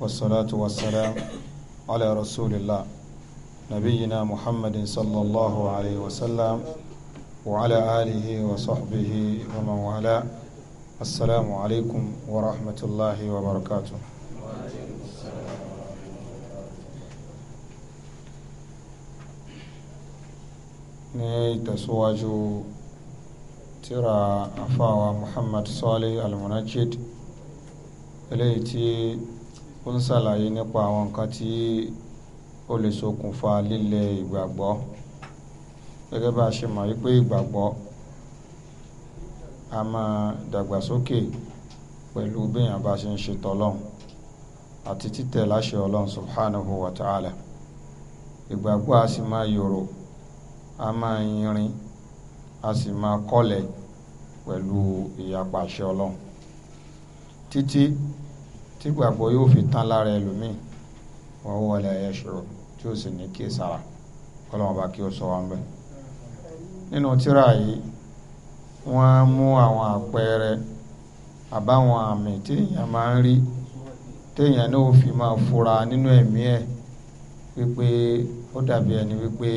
والصلاة والسلام على رسول الله نبينا محمد صلى الله عليه وسلم وعلى آله وصحبه ومن والاه السلام عليكم ورحمة الله وبركاته ní ìtẹ̀síwájú tíra àfáwà Muhammad Salih Al-Munajjid eléyìí ó ń ṣàlàyé nípa àwọn nǹkan tí ó lè ṣokùnfà lílẹ̀ ìgbàgbọ́ gẹ́gẹ́ bá a ṣe mọ̀ wípé ìgbàgbọ́ a máa dàgbàsókè pẹ̀lú béèyàn bá ṣe ń ṣe tọlọ́hun àti títẹ̀ láṣẹ ọlọ́run subhanahu wa ta'ala ìgbàgbọ́ a sì máa yòrò a máa yìnrìn a sì máa kọ́lẹ̀ pẹ̀lú ìyapa àṣẹ ọlọ́run títí tí gbàgbọ́ yóò fi tán lára ẹlòmíì wọ́n wọlé ẹ̀yẹ ṣòro tí ó sì ní kí sára kọ́lọ́wọ́n bá kí ó sọ wọn bẹ́ẹ̀. nínú tírà yìí wọ́n mú àwọn àpẹẹrẹ àbáwọn àmì téèyàn máa ń rí téèyàn náà ó fi máa fura nínú ẹ̀mí ẹ̀ wípé ó dàbí ẹni wípé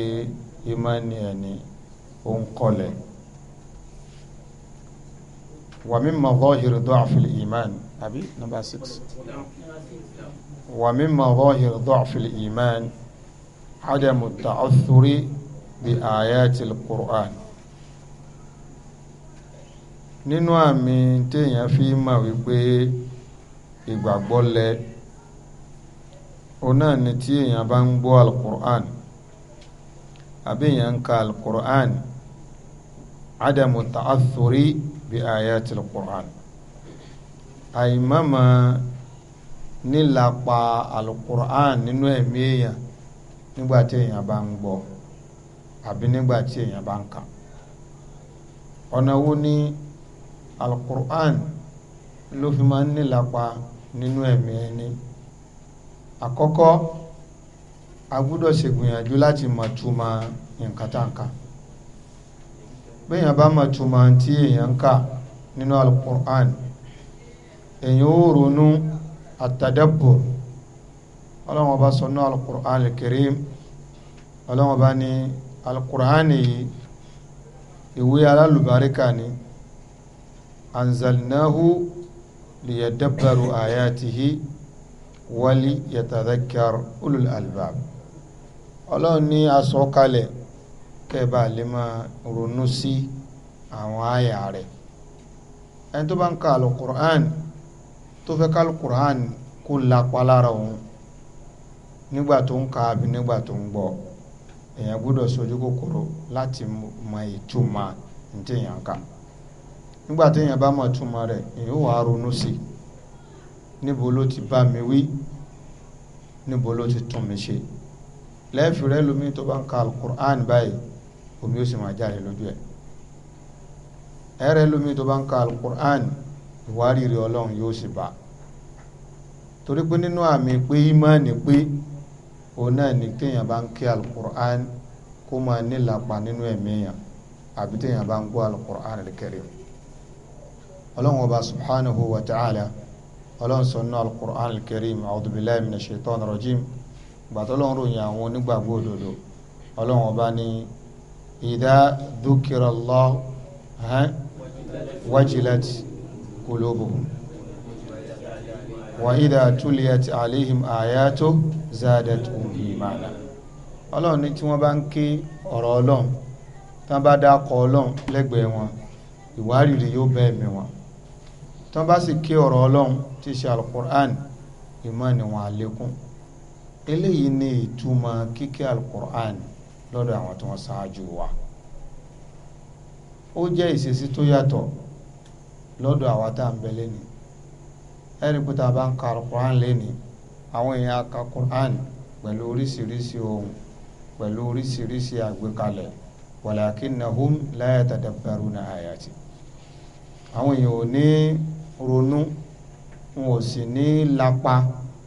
ìmánì ẹni ó ń kọlẹ̀. wàmí mọ̀gọ́ ìrìndọ́ àfìlì ìmánì àbí number six ومن mímọ̀ ضعف الإيمان عدم adamu بآيات القرآن. ayatil qur'an nínú àmì téèyàn fi mọ̀ wípé ìgbàgbọ́ lẹ òun náà ni tí èèyàn bá ń gbọ́ alukur'an àbí èèyàn ń ka alukur'an adamu ta'athuri bi ayatil qur'an àìmọ̀mọ̀ nílapa alukur'an nínú ẹ̀mí èèyàn nígbà tí èèyàn bá ń gbọ́ àbí nígbà tí èèyàn bá ń kà ọ̀nà wo ni alukur'an ló fi máa ń nílapa nínú ẹ̀mí ẹni àkọ́kọ́ a gbúdọ̀ ṣègbìyànjú láti mọ̀ túmọ̀ nǹkan tá à ń kà béèyàn bá mọ̀ túmọ̀ tí èèyàn ń kà nínú alukur'an èyàn ó ronú àtàdàbọ̀ ọlọ́wọ́n bá sọ ní alukur'an al-karim ọlọ́wọ́n bá ní alukur'an yìí ìwé alálùbáríkà ni anzalnahu liyadabbaru ayatihi wali yatadhakkar ulul albab ọlọ́run ní aṣọ kẹba lè ronú sí àwọn àyà rẹ̀ ẹni tó bá ń ka alukur'an tó fẹ́ ká alukur'an kó lapa lára òun nígbà tó ń ka àbí nígbà tó ń gbọ́ èèyàn gbọ́dọ̀ sojú kòkòrò láti mọ ìtumọ̀ ntẹ̀yàn ká nígbà téèyàn bá mọ̀ ìtumọ̀ rẹ̀ èèyàn wàá ronú sí i níbo ló ti bá mi wí níbo ló ti tún mi ṣe lẹ́ẹ̀fì rẹ lómi tó bá ń ka alukur'an báyìí omi ó sì máa jáde lójú ẹ̀ ẹ̀rẹ́ lómi tó bá ń ka alukur'an báyìí ìwárìrì ọlọ́run yóò sì bá torí pé nínú àmì pé ìmọ̀ọ́nì pé òun náà ni téèyàn bá ń ké alukur'an kó máa nílapa nínú ẹ̀mí èèyàn àbí téèyàn bá ń gbọ́ alukur'an al-karim ọlọ́run ọba subhanahu wa ta'ala ọlọ́run sọ nínú alukur'an al-karim a'udhu billahi minash shaitanir rajim gbàtọ́ ròyìn àwọn onígbàgbọ́ òdodo ọlọ́run ọba ní idha dhukira Allah wajilat. قلوبهم وإذا تليت عليهم آياته زادتهم إيمانا ọlọ́run ní tí wọ́n bá ń ké ọ̀rọ̀ ọlọ́run tí wọ́n bá dákọ̀ ọlọ́run lẹ́gbẹ̀ẹ́ wọn ìwárìrì yóò bẹ́ẹ̀ mí wọn tí wọ́n bá sì ké ọ̀rọ̀ ọlọ́run tí í ṣe alukur'an ìmọ̀ ni wọ́n àlékún eléyìí ni ìtumọ̀ kíké alukur'an lọ́dọ̀ àwọn tí wọ́n ṣáájú wa ó jẹ́ ìṣesí tó yàtọ̀ lọ́dọ̀ àwa tá à ń bẹ lẹ́ni ẹ̀rí pé tá a bá ń ka alukur'an lẹ́ni àwọn èèyàn aka kur'an pẹ̀lú oríṣiríṣi ohun pẹ̀lú oríṣiríṣi àgbékalẹ̀ walakinnahum la yatadabbaruna ayati àwọn èèyàn ò ní ronú wọn ò sì ní lapa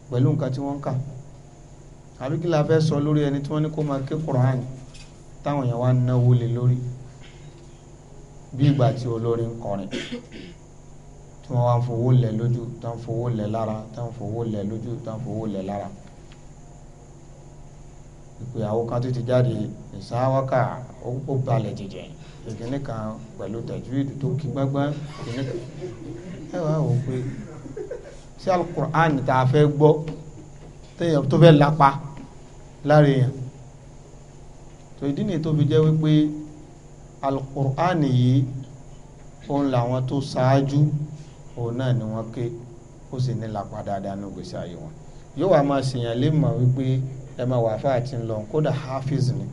pẹ̀lú nǹkan tí wọ́n ń kà àbí kí la fẹ́ sọ lórí ẹni tí wọ́n ní kó máa ké kur'an táwọn èèyàn wá náwó lé lórí bí ìgbà tí olórin kọrin tí wọ́n wá ń fowó lẹ̀ lójú tó ń fowó lẹ̀ lára tó ń fowó lẹ̀ lójú tó ń fowó lẹ̀ lára ìpèyàwó kan tó ti jáde ìsáwákà ó balẹ̀ jẹjẹ ìkíní kan pẹ̀lú tajwid tó kí gbọ́ngbọ́n ìkíní kan ẹ wá wò pé sí alukur'an tá a fẹ́ gbọ́ téèyàn tó fẹ́ lapa lára èèyàn tó ìdí nìyí tó fi jẹ́ wípé alukur'an yìí òun làwọn tó ṣáájú òun náà ni wọ́n ké ó sì ní lápá dáadáa ní gbèsè ayé wọn yóò wá máa ṣèyàn lè mọ̀ wípé ẹ máa wà fáà tí ń lọ kódà hafiz ni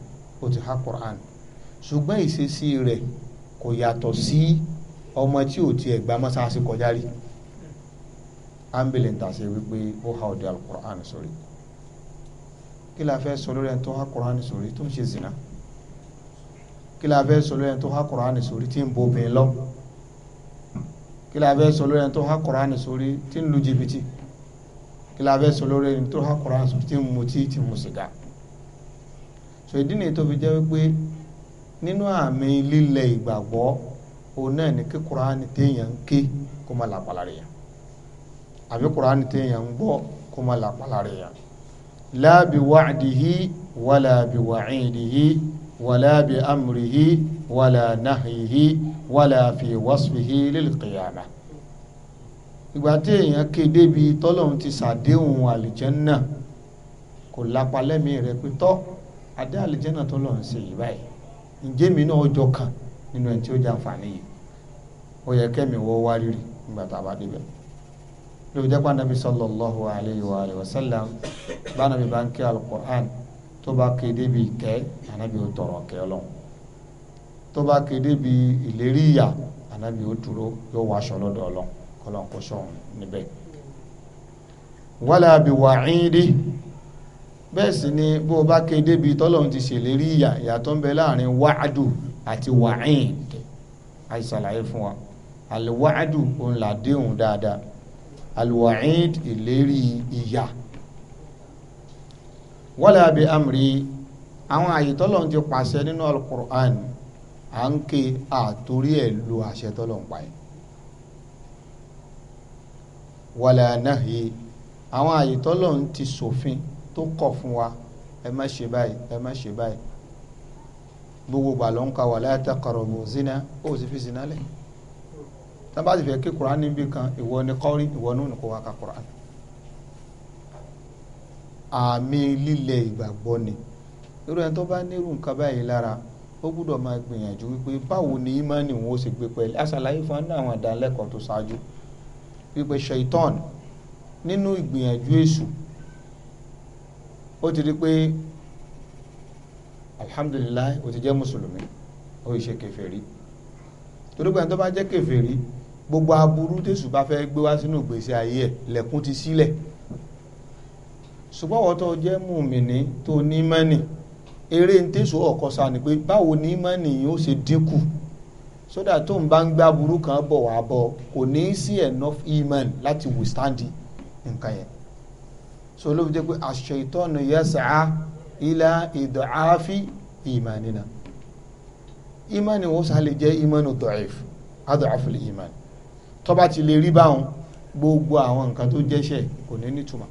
ó ti ha Quran ṣùgbọ́n ìṣesí rẹ̀ kò yàtọ̀ sí ọmọ tí ò tiẹ̀ gba mọ́sáàsì kọjá rí ambulance àṣẹ wípé ó ha ọ̀dẹ alukur'an sórí kí la fẹ́ sọ lórí ẹni tó ha Quran sórí tó ń ṣe zina kí la fẹ́ sọ lórí ẹni tó ha Quran sórí tí ń bo obìnrin lọ́wọ́ kí la fẹ́ sọ lórí ẹni tó há kùránì sórí tí ń lu jìbìtì kí la fẹ́ sọ lórí ẹni tó há kùránì sórí tí ń mutí tí ń mu sìgá so ìdí nìyí tó fi jẹ́ wípé nínú àmì lílẹ̀ ìgbàgbọ́ òun náà ní kí kùránì téèyàn ń ké kó má làpàlà rẹ̀ yàn àbí kùránì téèyàn ń gbọ́ kó má làpàlà rẹ̀ yàn láàbì wàdìhí wàlàbì wàhíndìhí wàlàbì amrìhí wàlà fi wasfihi lil qiyamah ìgbà tí èèyàn kéde bíi tọ́lọ́hún ti sàdéhùn àlìjẹ́nà kò lápá lẹ́mìí rẹ̀ pé tọ́ adé àlìjẹ́nà tọ́lọ́hún ṣe yìí báyìí ǹjẹ́ mi náà ọjọ́ kan nínú ẹni tí ó jàǹfààní yìí ó yẹ kẹ́mi wọ́ wá rírì nígbà tá a bá débẹ̀ lóbi jẹ́ pàdánù sallallahu alayhi wa alayhi wa sallam bá nàbí bá ń ké alukur'an tó bá kéde bíi kẹ́ ànábi ó tọrọ kẹ́ ọlọ́run tó bá kéde bí ìlérí ìyà ànábì ó dúró yóò wá aṣọ lọ́dọ̀ ọlọ́run kọlọ́n kó sọ̀rọ̀ níbẹ̀. wàlá bí wàhíndí bẹ́ẹ̀ sì ni bó o bá kéde bí tọ́lọ́run ti ṣèlérí ìyà ìyàtọ̀ ń bẹ láàrin wáàdù àti wàhínd àìsàlàyé fún wa àlùwáàdù òun là déhùn dáadáa àlùwàhínd ìlérí ìyà wàlá bí amri àwọn àyè tọ́lọ́run ti pàṣẹ nínú alukur'an à ń ké àtórí ẹ̀ lo àṣẹ tọ́lọ̀ ń pa ẹ̀ wàlẹ̀ ànáhì àwọn àyè tọ́lọ̀ ń ti ṣòfin tó kọ̀ fún wa ẹ má ṣe báyìí ẹ má ṣe báyìí gbogbo gbà ló ń ka wàlẹ̀ àtàkọ̀rọ̀bù zina ó sì fi zina lẹ̀ tábà ti fẹ́ kí kuran níbi kan ìwọ ni kọ́rí ìwọ ní ònìkó wa ka kuran àmì lílẹ̀ ìgbàgbọ́ ni irú ẹni tó bá nírú nǹkan báyìí lára ó gbúdọ̀ máa gbìyànjú wípé báwo ni ìmánì wọn ó sì gbé pẹ̀lú àṣàlàyé fún ọ́nà àwọn ìdánilẹ́kọ̀ọ́ tó ṣáájú wípé ṣaitan nínú ìgbìyànjú èṣù ó ti rí pé alhamdulilayi ó ti jẹ́ mùsùlùmí ó yìí ṣe kèfèrí torí pé tó bá jẹ́ kèfèrí gbogbo aburú tẹ̀sù bá fẹ́ gbé wá sínú ìgbésí ayé ẹ̀ lẹ̀kún ti sílẹ̀ ṣùgbọ́n wọ́n tó jẹ́ mùmìnì tó ní mẹ́nì eré ń tẹ̀sọ́ ọ̀kọ́sá ni pé báwo ní mọ́nì yìí ó ṣe dínkù sódà tó ń bá ń gbá burú kan bọ̀ wá bọ̀ kò ní í sí enough iman láti withstand nǹkan yẹn so ló fi jẹ́ pé aṣ-ṣaytanu yas'a ila id'afi imanina imani wo sá lè jẹ́ imanu da'if ad'aful iman tó bá ti lè rí báwọn gbogbo àwọn nǹkan tó jẹ́ṣẹ̀ kò ní tuma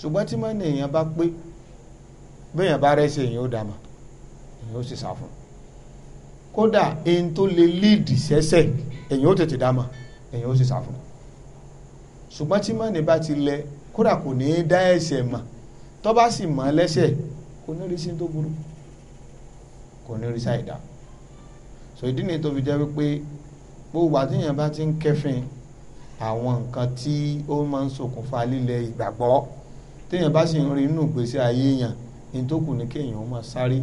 ṣùgbọ́n tí mọ́ni èèyàn bá pé bẹ́ẹ̀yàn bá rẹ́sẹ̀ èyàn ó dàmà èyàn ó sì sá fún kódà èyàn tó lè líìdì sẹ́sẹ̀ èyàn ó tètè dàmà èyàn ó sì sá fún ṣùgbọ́n tí mọ́ni bá ti lẹ kódà kò ní í dá ẹ̀ṣẹ̀ mà tó bá sì mọ́ lẹ́sẹ̀ kò ní rí sí tó burú kò ní rí sáì dá so ìdí nìyí tó fi jẹ́ wípé gbogbo àtìyàn bá ti ń kẹ́fìn àwọn nǹkan tí ó máa ń ṣokùnfà lílẹ̀ ìgbàgbọ́ téèyàn bá sì ń rí inú ìgbésí ayé yàn nítòkù ní kéèyàn máa sáré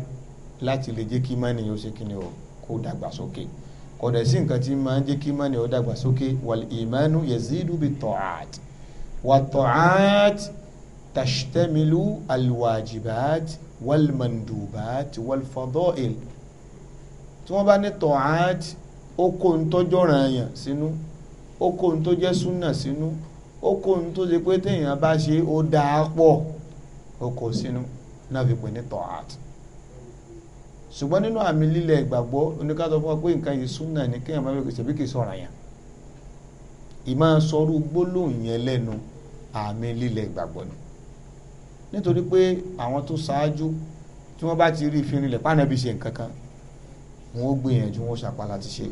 láti lè jẹ́ kí mánì yóò ṣe kíni o kó dàgbà sókè kọ̀dẹ̀ sí nǹkan tí máa ń jẹ́ kí mánì ó dàgbà sókè wal imanu yazidu bi ta'at wa ta'at tashtamilu alwajibat wal mandubat wal fadail tí wọ́n bá ní ta'at ó kó ń tọ́jọ́ sínú ó kó ń súnà sínú ó kó ń pé téèyàn bá ṣe ó dáa pọ̀ ó kó sínú náà fi pè ní tọ́hát ṣùgbọ́n nínú àmì lílẹ̀ ìgbàgbọ́ oníkàtọ́ fún wa pé nǹkan yìí súnà ní kéèyàn máa fi kìsẹ̀ bí kì í sọ̀rọ̀ yẹn ìmọ̀ sọrú gbólóhùn yẹn lẹ́nu àmì lílẹ̀ ìgbàgbọ́ ni nítorí pé àwọn tó ṣáájú tí wọ́n bá ti rí ìfin ilẹ̀ pànàbí ṣe nǹkan kan wọn ó gbìyànjú wọn ṣàpá láti ṣe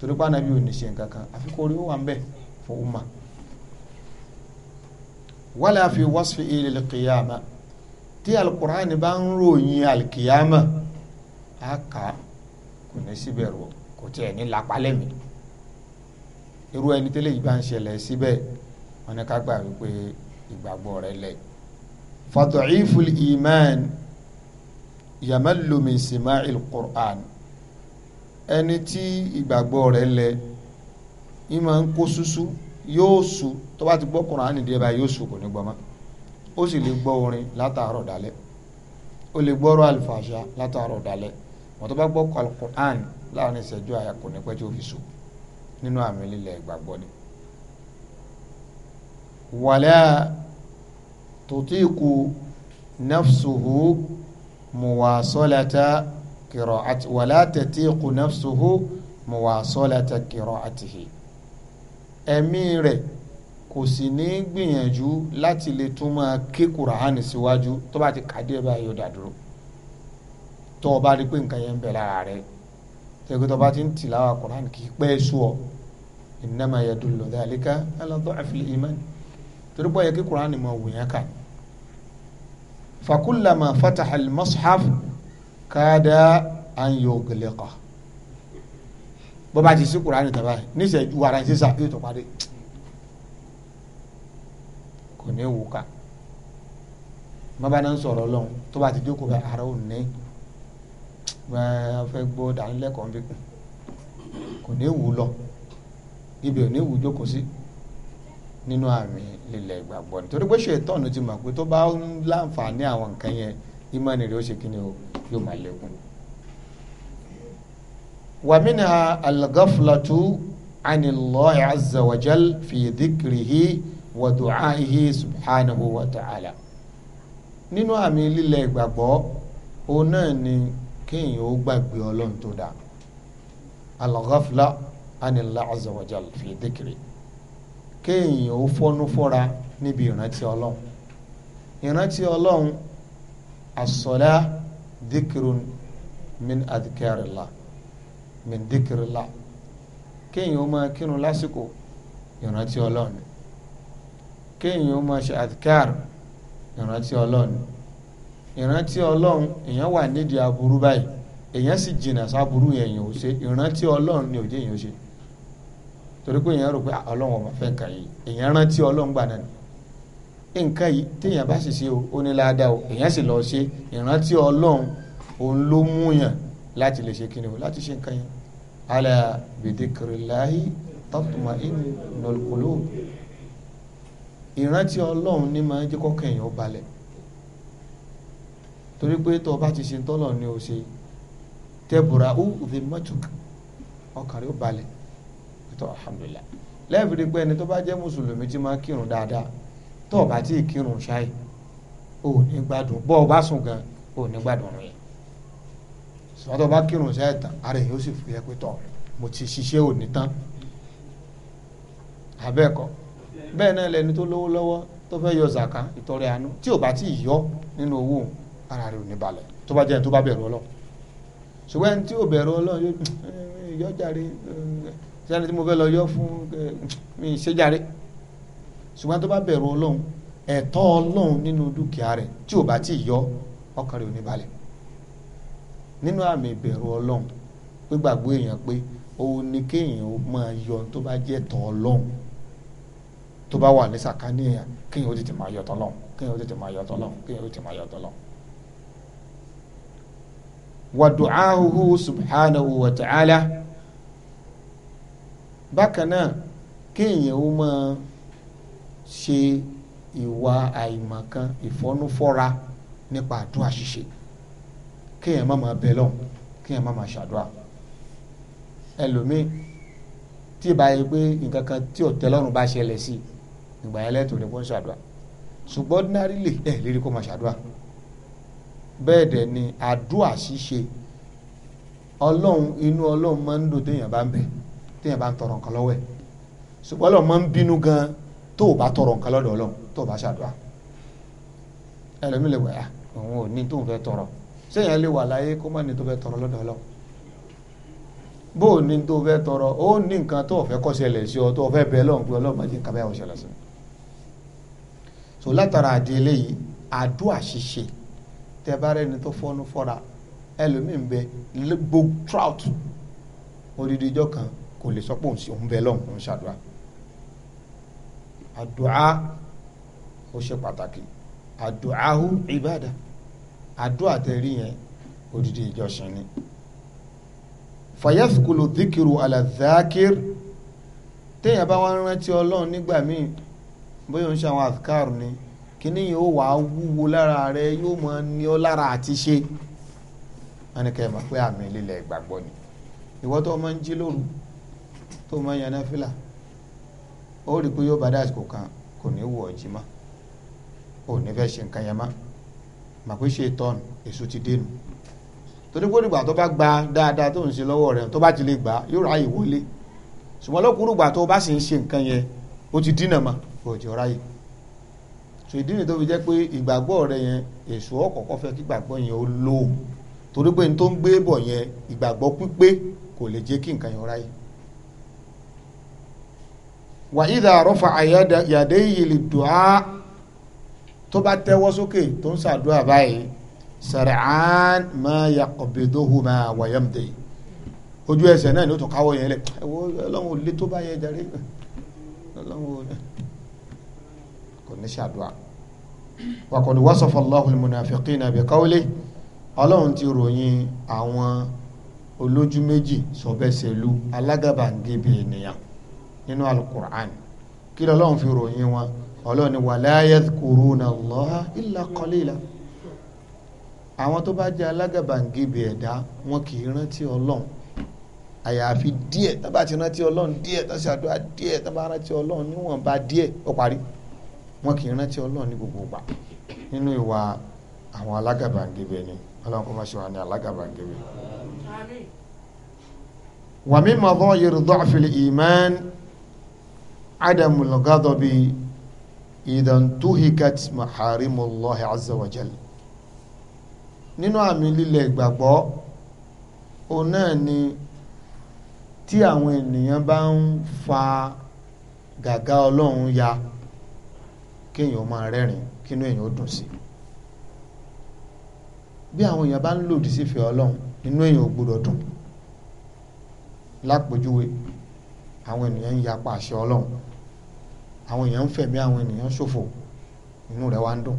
torí pànàbí ò ní ṣe nǹkan kan àfi orí wà ń bẹ fún umma wala fi wasfi tí alukur'ani bá ń ròyìn alikiyama a kà kò ní síbẹ̀ rọ kò tiẹ̀ ní lápálẹ̀ mi irú ẹni tẹ́lẹ̀ yìí bá ń ṣẹlẹ̀ síbẹ̀ wọn ni ká gbà wípé ìgbàgbọ́ rẹ̀ lẹ̀ fatu'iful iman yamallu min il qur'an ẹni tí ìgbàgbọ́ rẹ̀ lẹ̀ ìmọ̀ ń kó susu yóò su tó bá ti gbọ́ kùránì díẹ̀ báyìí yóò su kò ní gbọ́ mọ́ ó sì lè gbọ́ orin látàárọ̀ dalẹ́ ó lè gbọ́rọ̀ àlùfàṣà látàárọ̀ dalẹ́ wọ́n tó bá gbọ́ alukur'an láàrin ìṣẹ́jú àyà kò ní pẹ́ tí ó fi sùn nínú àmì lílẹ̀ ìgbàgbọ́ ni. wàlẹ́ tòtíkù nafsuhu muwasolata kìrọ̀àtì wàlẹ́ tòtíkù nafsuhu muwasolata kìrọ̀àtìhì ẹ̀mí rẹ̀ kò sì ní gbìyànjú láti lè tún máa ké kùránì síwájú tó bá ti kàdé ẹ báyìí ó dá dúró tó o bá rí pé nǹkan yẹn ń bẹ lára rẹ tẹ́gbẹ́ tó o bá ti ń tìláwà kùránì kì í pẹ́ sú ọ innama yadullu dhalika ala dha'fil iman torí pé ó yẹ kí kùránì máa wù yẹn kà fakullama fataha al-mushaf kada an bó bá ti sí kùránì tàbá níṣẹ́jú ara ṣíṣà yóò tó parí kò ní wò ká bàbá náà ń sọ̀rọ̀ lọ́hùn tó bá ti jókòó bá ara ò ní fẹ́ gbọ́ dánilẹ́kọ̀ọ́ ń bí kù kò ní wù lọ ibi ò ní wù jókòó sí nínú àmì ilẹ̀ ìgbàgbọ́ nítorí pé ṣètọ́nù ti mọ̀ pé tó bá ń láǹfààní àwọn nǹkan yẹn ìmọ̀ni rẹ̀ ó ṣe kíni o yóò máa lékún. wàmínà al-ghaflatu anillahi azza wa wa du'ahihi subhanahu wa ta'ala nínú àmì lílẹ̀ ìgbàgbọ́ òun náà ni kéèyàn ó gbàgbé ọlọ́run tó dáa al-ghafla anilá azza wa jalla fi dhikri kéèyàn ó fọ́nú fọ́ra níbi ìrántí ọlọ́run ìrántí ọlọ́run as-sala dhikrun min adhkarillah min dhikrillah kéèyàn ó máa kírun lásìkò ìrántí ọlọ́run kéèyàn ó máa ṣe adhkar ìrántí ọlọ́run ìrántí ọlọ́run èèyàn wà nídìí aburú báyìí èèyàn sì jìnnà sáburú yẹn èèyàn ò ṣe ìrántí ọlọ́run ni òjé èèyàn ó ṣe torí pé èèyàn rò pé ọlọ́run ọmọ fẹ́ nǹkan yìí èèyàn rántí ọlọ́run gbà náà nǹkan yìí téèyàn bá sì ṣe o ó ní ládàá o èèyàn sì lọ ṣe ìrántí ọlọ́run òun ló mú yàn láti lè ṣe kíni o láti ṣe nǹkan yẹn ala bi dhikrillahi tatma'innul ìrántí ọlọ́run ní máa ń jẹ́ kọ́kàn èèyàn balẹ̀ torí pé tó o bá ti ṣe tọ́lọ̀ ni o ṣe tẹ́bùrà ó the matuk ọkàn rẹ̀ ó balẹ̀ tó alhamdulillah lẹ́ẹ̀fìdí pé ẹni tó bá jẹ́ mùsùlùmí tí máa kírun dáadáa tó o bá ti kírun ṣáì ó ní gbádùn bọ́ ọ bá sùn gan ó ní gbádùn rẹ̀ sọ́tọ̀ bá kírun ṣáì tán ara èèyàn ó sì fúyẹ́ pé tọ̀ mo ti ṣiṣẹ́ òní tán abẹ́ẹ̀kọ́ bẹ́ẹ̀ náà lẹni tó lówó lọ́wọ́ tó fẹ́ yọ zaka ìtọrẹ àánú tí ò bá tí ì yọ nínú owó ara rẹ̀ ò ní balẹ̀ tó bá jẹ́ tó bá bẹ̀rù ọlọ́run ṣùgbọ́n ẹni tí ò bẹ̀rù ọlọ́run yóò sẹ́ni eh, eh, tí mo fẹ́ lọ yọ fún eh, mi ṣe jàre ṣùgbọ́n tó bá bẹ̀rù ọlọ́run ẹ̀tọ́ ọlọ́run nínú dúkìá rẹ̀ tí ò bá tí ì yọ ọkàn rẹ̀ ò ní balẹ̀ nínú àmì ìbẹ̀rù ọlọ́run gbígbàgbọ́ èèyàn pé òun ni kéèyàn máa yọ tó bá jẹ́ tọ́ ọlọ́run tó bá wà ní sàkání yẹn kéèyàn ó tètè máa yọtọ̀ lọ́hùn kéèyàn ó tètè máa yọtọ̀ lọ́hùn kéèyàn ó tètè máa yọtọ̀ lọ́hùn. wa du'ahu subhanahu wa ta'ala bákan náà kéèyàn ó máa ṣe ìwà àìmọ̀kan ìfọ́núfọ́ra nípa àdúrà ṣíṣe kéèyàn má máa bẹ lọ́hùn kéèyàn má máa ṣàdúrà ẹlòmíì tí ì bá pé nǹkan kan tí ò tẹ́lọ́rùn bá ṣẹlẹ̀ sí i ìgbà yẹn lẹ́tọ̀ọ́ ni kò ń ṣàdúrà ṣùgbọ́n ordinarily ẹ̀ lérí kó máa ṣàdúrà bẹ́ẹ̀ dẹ̀ ni àdúrà ṣíṣe ọlọ́run inú ọlọ́run máa ń dùn téèyàn bá ń bẹ̀ téèyàn bá ń tọrọ nǹkan lọ́wọ́ ẹ̀ ṣùgbọ́n ọlọ́run máa ń bínú gan tó o bá tọrọ nǹkan lọ́dọ̀ ọlọ́run tó o bá ṣàdúrà ẹlòmíì lè wẹ̀ à ah, òun ò ní tóun fẹ́ tọrọ séèyàn lè wà láyé kó má ní tó fẹ́ tọrọ lọ́dọ̀ ọlọ́run bó o ní tó fẹ́ tọrọ ó ní nǹkan tó o fẹ́ kó ṣẹlẹ̀ sí ọ tó o fẹ́ bẹ ọlọ́run pé ọlọ́run má jẹ́ nǹkan ṣẹlẹ̀ sí i so látara àdé eléyìí àdúà ṣíṣe tẹ bá rẹni tó fọnú fọra ẹlòmíín bẹ gbó trout odidi ijọ kan kò lè sọ pé òun bẹ lọ́hùn òun ṣàdúrà àdúà ó ṣe pàtàkì àdúàhù ìbàdà àdúà tẹ̀rí yẹn odidi ìjọsìn ni fàyàsùkúlù díkìrù àlàzákìr téèyàn bá wọn rántí ọlọ́run nígbà míì bóyá ń ṣe àwọn àfikáàrù ni kíní yìí ó wà á wúwo lára rẹ yóò mọ ní ọ lára àti ṣe wọn ni kẹrìmọ pé àmì lílẹ̀ ìgbàgbọ́ ni ìwọ tó máa ń jí lóru tó máa ń yan náfìlà ó rí i pé yóò bá dá àsìkò kan kò ní wù ọ́ jí ò ní fẹ́ ṣe nǹkan yẹn mọ́ mà pé ṣe tọ́nù èso ti dénú torí pé ìgbà tó bá gba dáadáa tó ń ṣe lọ́wọ́ rẹ̀ tó bá ti lè gbà yóò ráyè wọlé ṣùgbọ́n lọ́kùnrin ìgbà tó bá sì ń ṣe nǹkan yẹn ó ti dínà mọ́ òjò ráyè so ìdí nìyí tó fi jẹ́ pé ìgbàgbọ́ rẹ yẹn èso ọ̀kọ̀ọ̀kọ́ fẹ́ kí ìgbàgbọ́ yẹn ó lò ó torí pé n tó ń gbé bọ̀ yẹn ìgbàgbọ́ pípé kò lè jẹ́ kí nǹkan yẹn ráyè wà ìdá àrọ́fà àyàdé ìyèlè dùá tó bá tẹ́wọ́ sókè tó ń ṣàdúrà báyìí sàrẹ̀án máa yà ọ̀bẹ̀dọ́hù máa wàyàmdè ojú ẹsẹ̀ náà ni ó tún káwọ́ yẹn lẹ̀ ẹ̀wọ́ ọlọ́run ò lé tó bá yẹ jàre ọlọ́run ò lé kò ní ṣàdúrà wa qad wasafa Allahul munafiqina bi qawli ọlọ́run ti ròyìn àwọn olójú méjì sọ̀bẹ́sẹ̀lú alágàbàǹgebè ènìyàn nínú alukur'an kí lọ́lọ́run fi ròyìn wọn ọlọ́run ni wala yadhkuruna Allaha illa qalila àwọn tó bá jẹ́ alágàbàǹgebè ẹ̀dá wọn kì í rántí ọlọ́run àyàfi díẹ̀ tó bá ti rántí ọlọ́run díẹ̀ tó ṣàdúrà díẹ̀ tó bá rántí ọlọ́run níwọ̀nba díẹ̀ ó parí wọn kì í rántí ọlọ́run ní gbogbo ìgbà nínú ìwà àwọn alágàbàǹgebè ni ọlọ́run kò má ṣe wà ní alágàbàǹgebè. wa mimma dhahiri dha'fil iman adamul ghadabi idan tuhikat maharimullahi azza wa jalla nínú àmì lílẹ̀ ìgbàgbọ́ òun náà ni tí àwọn ènìyàn bá ń fa gàgá ọlọ́run ya kéèyàn máa rẹ́rìn kínú èèyàn ó dùn sí bí àwọn èèyàn bá ń lòdì sí ìfẹ́ ọlọ́run nínú èèyàn ò gbọdọ̀ dùn lápòjúwe àwọn ènìyàn ń yapa àṣẹ ọlọ́run àwọn èèyàn ń fẹ̀mí àwọn ènìyàn ṣòfò inú rẹ̀ wá ń dùn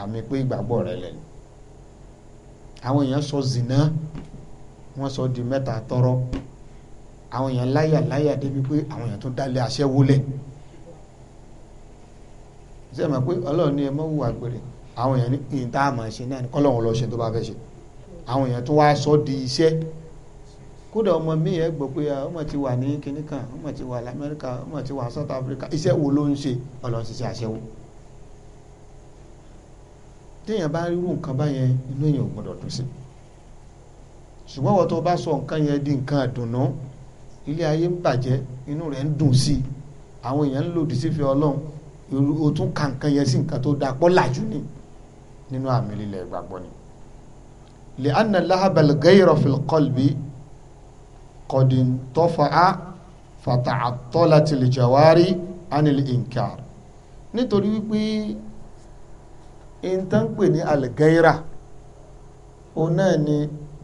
àmì pé ìgbàgbọ́ rẹ̀ lẹ́nu àwọn èèyàn sọ zìnà wọ́n sọ di mẹ́ta tọrọ àwọn èèyàn láyà láyà débi pé àwọn èèyàn tó dálé aṣẹ́wó lẹ̀ ṣe mọ̀ pé ọlọ́run ní ẹ mọ́ wùwà gbèrè àwọn èèyàn ní ìyìn tá a máa ṣe náà ní kọ́lọ́run lọ ṣe tó bá fẹ́ ṣe àwọn èèyàn tó wá sọ di iṣẹ́ kódà ọmọ mi yẹn gbọ́ pé ọmọ ah, ti wà ní kinní kan ọmọ ti wà lamẹ́ríkà ọmọ ti wà South Africa iṣẹ́ wo ló ń ṣe ọlọ́run ṣiṣẹ́ àṣẹwó téèyàn bá rí irú nǹkan báyẹn inú èèyàn ò gbọdọ̀ dùn sí ṣùgbọ́n wọ́n tó bá sọ nǹkan yẹn di nǹkan àdùnnú ilé ayé ń bàjẹ́ inú rẹ̀ ń dùn sí àwọn èèyàn ń lòdì sífẹ́ ọlọ́run o tún ka nǹkan yẹn sí nǹkan tó dáa pọ́ làjú ni nínú àmì lílẹ̀ ìgbàgbọ́ ni. lè anna lahabal gayro fil qalbi qadin tọ́fàá fata'attala til jawari anil inkar nítorí wípé nǹkan pè ní algaira òun náà ni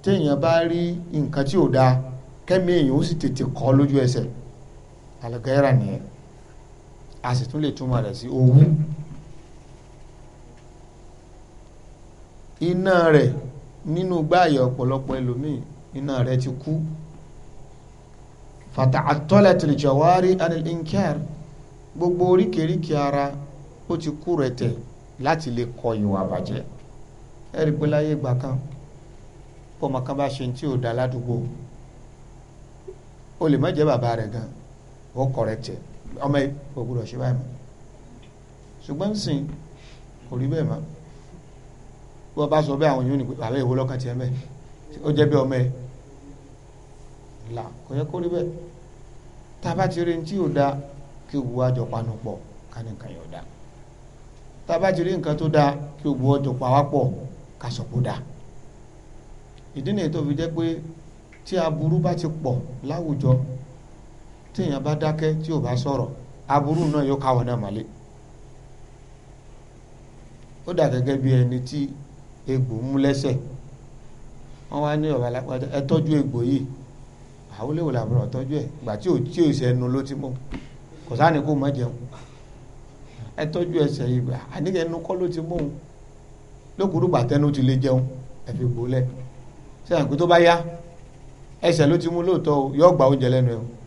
téèyàn bá rí nǹkan tí ò dáa kẹ́mi èèyàn ó sì tètè kọ́ lójú ẹsẹ̀ algaira nìyẹn a sì tún lè túmọ̀ rẹ̀ sí owú iná rẹ̀ nínú gbáàyè ọ̀pọ̀lọpọ̀ ẹlòmíì iná rẹ̀ ti kú fata atọ́lẹ̀tìlì jawari anil inkar gbogbo oríkèríkè ara ó ti kú rẹ̀tẹ̀ láti lè kọ ìwà àbàjẹ́ ẹ̀rí pé láyé ìgbà kan pọ́mọ kan bá ṣe tí ò dá ládùúgbò o lè má jẹ́ bàbá rẹ̀ gan ó kọ̀ rẹ̀ tẹ̀ ọmọ yìí kò gbúdọ̀ ṣe báyìí mọ́ ṣùgbọ́n sìn kò rí bẹ́ẹ̀ mọ́ bí wọ́n bá sọ bẹ́ẹ̀ àwọn yóò ní pé bàbá ìwọ lọ́kàn tiẹ̀ bẹ́ẹ̀ ó jẹ́ bí ọmọ ẹ̀ là kò yẹ kó rí bẹ́ẹ̀ tá a bá ti rí ní tí yóò da kí òwú àjọ panu pọ̀ ká ní nǹkan yóò da tá a bá ti rí nǹkan tó da kí òwú àjọ pa wá pọ̀ ká sọ kó da ìdí nìyí tó fi jẹ́ pé tí aburú bá ti pọ̀ láwùjọ tí èèyàn bá dákẹ́ tí ò bá sọ̀rọ̀ aburú náà yóò káwọn náà mọ́lé ó dà gẹ́gẹ́ bí ẹni tí egbò mú lẹ́sẹ̀ wọ́n wá ní ọ̀bà lápájá ẹ tọ́jú egbò yìí àwọn olè wò làbúrò ọ̀tọ́jú ẹ̀ gbà tí ò tí ò sẹ́nu ló ti mú kò sáni kó má jẹun ẹ tọ́jú ẹsẹ̀ yìí gbà àníkẹ́ ẹnu kọ́ ló ti mú lókùrú gbàtẹ́nu ti lè jẹun ẹ fi gbó lẹ̀ sẹ́yìn pé tó bá yá ẹsẹ̀ ló ti mú lóòótọ́ yọ oúnjẹ lẹ́nu ẹ̀ o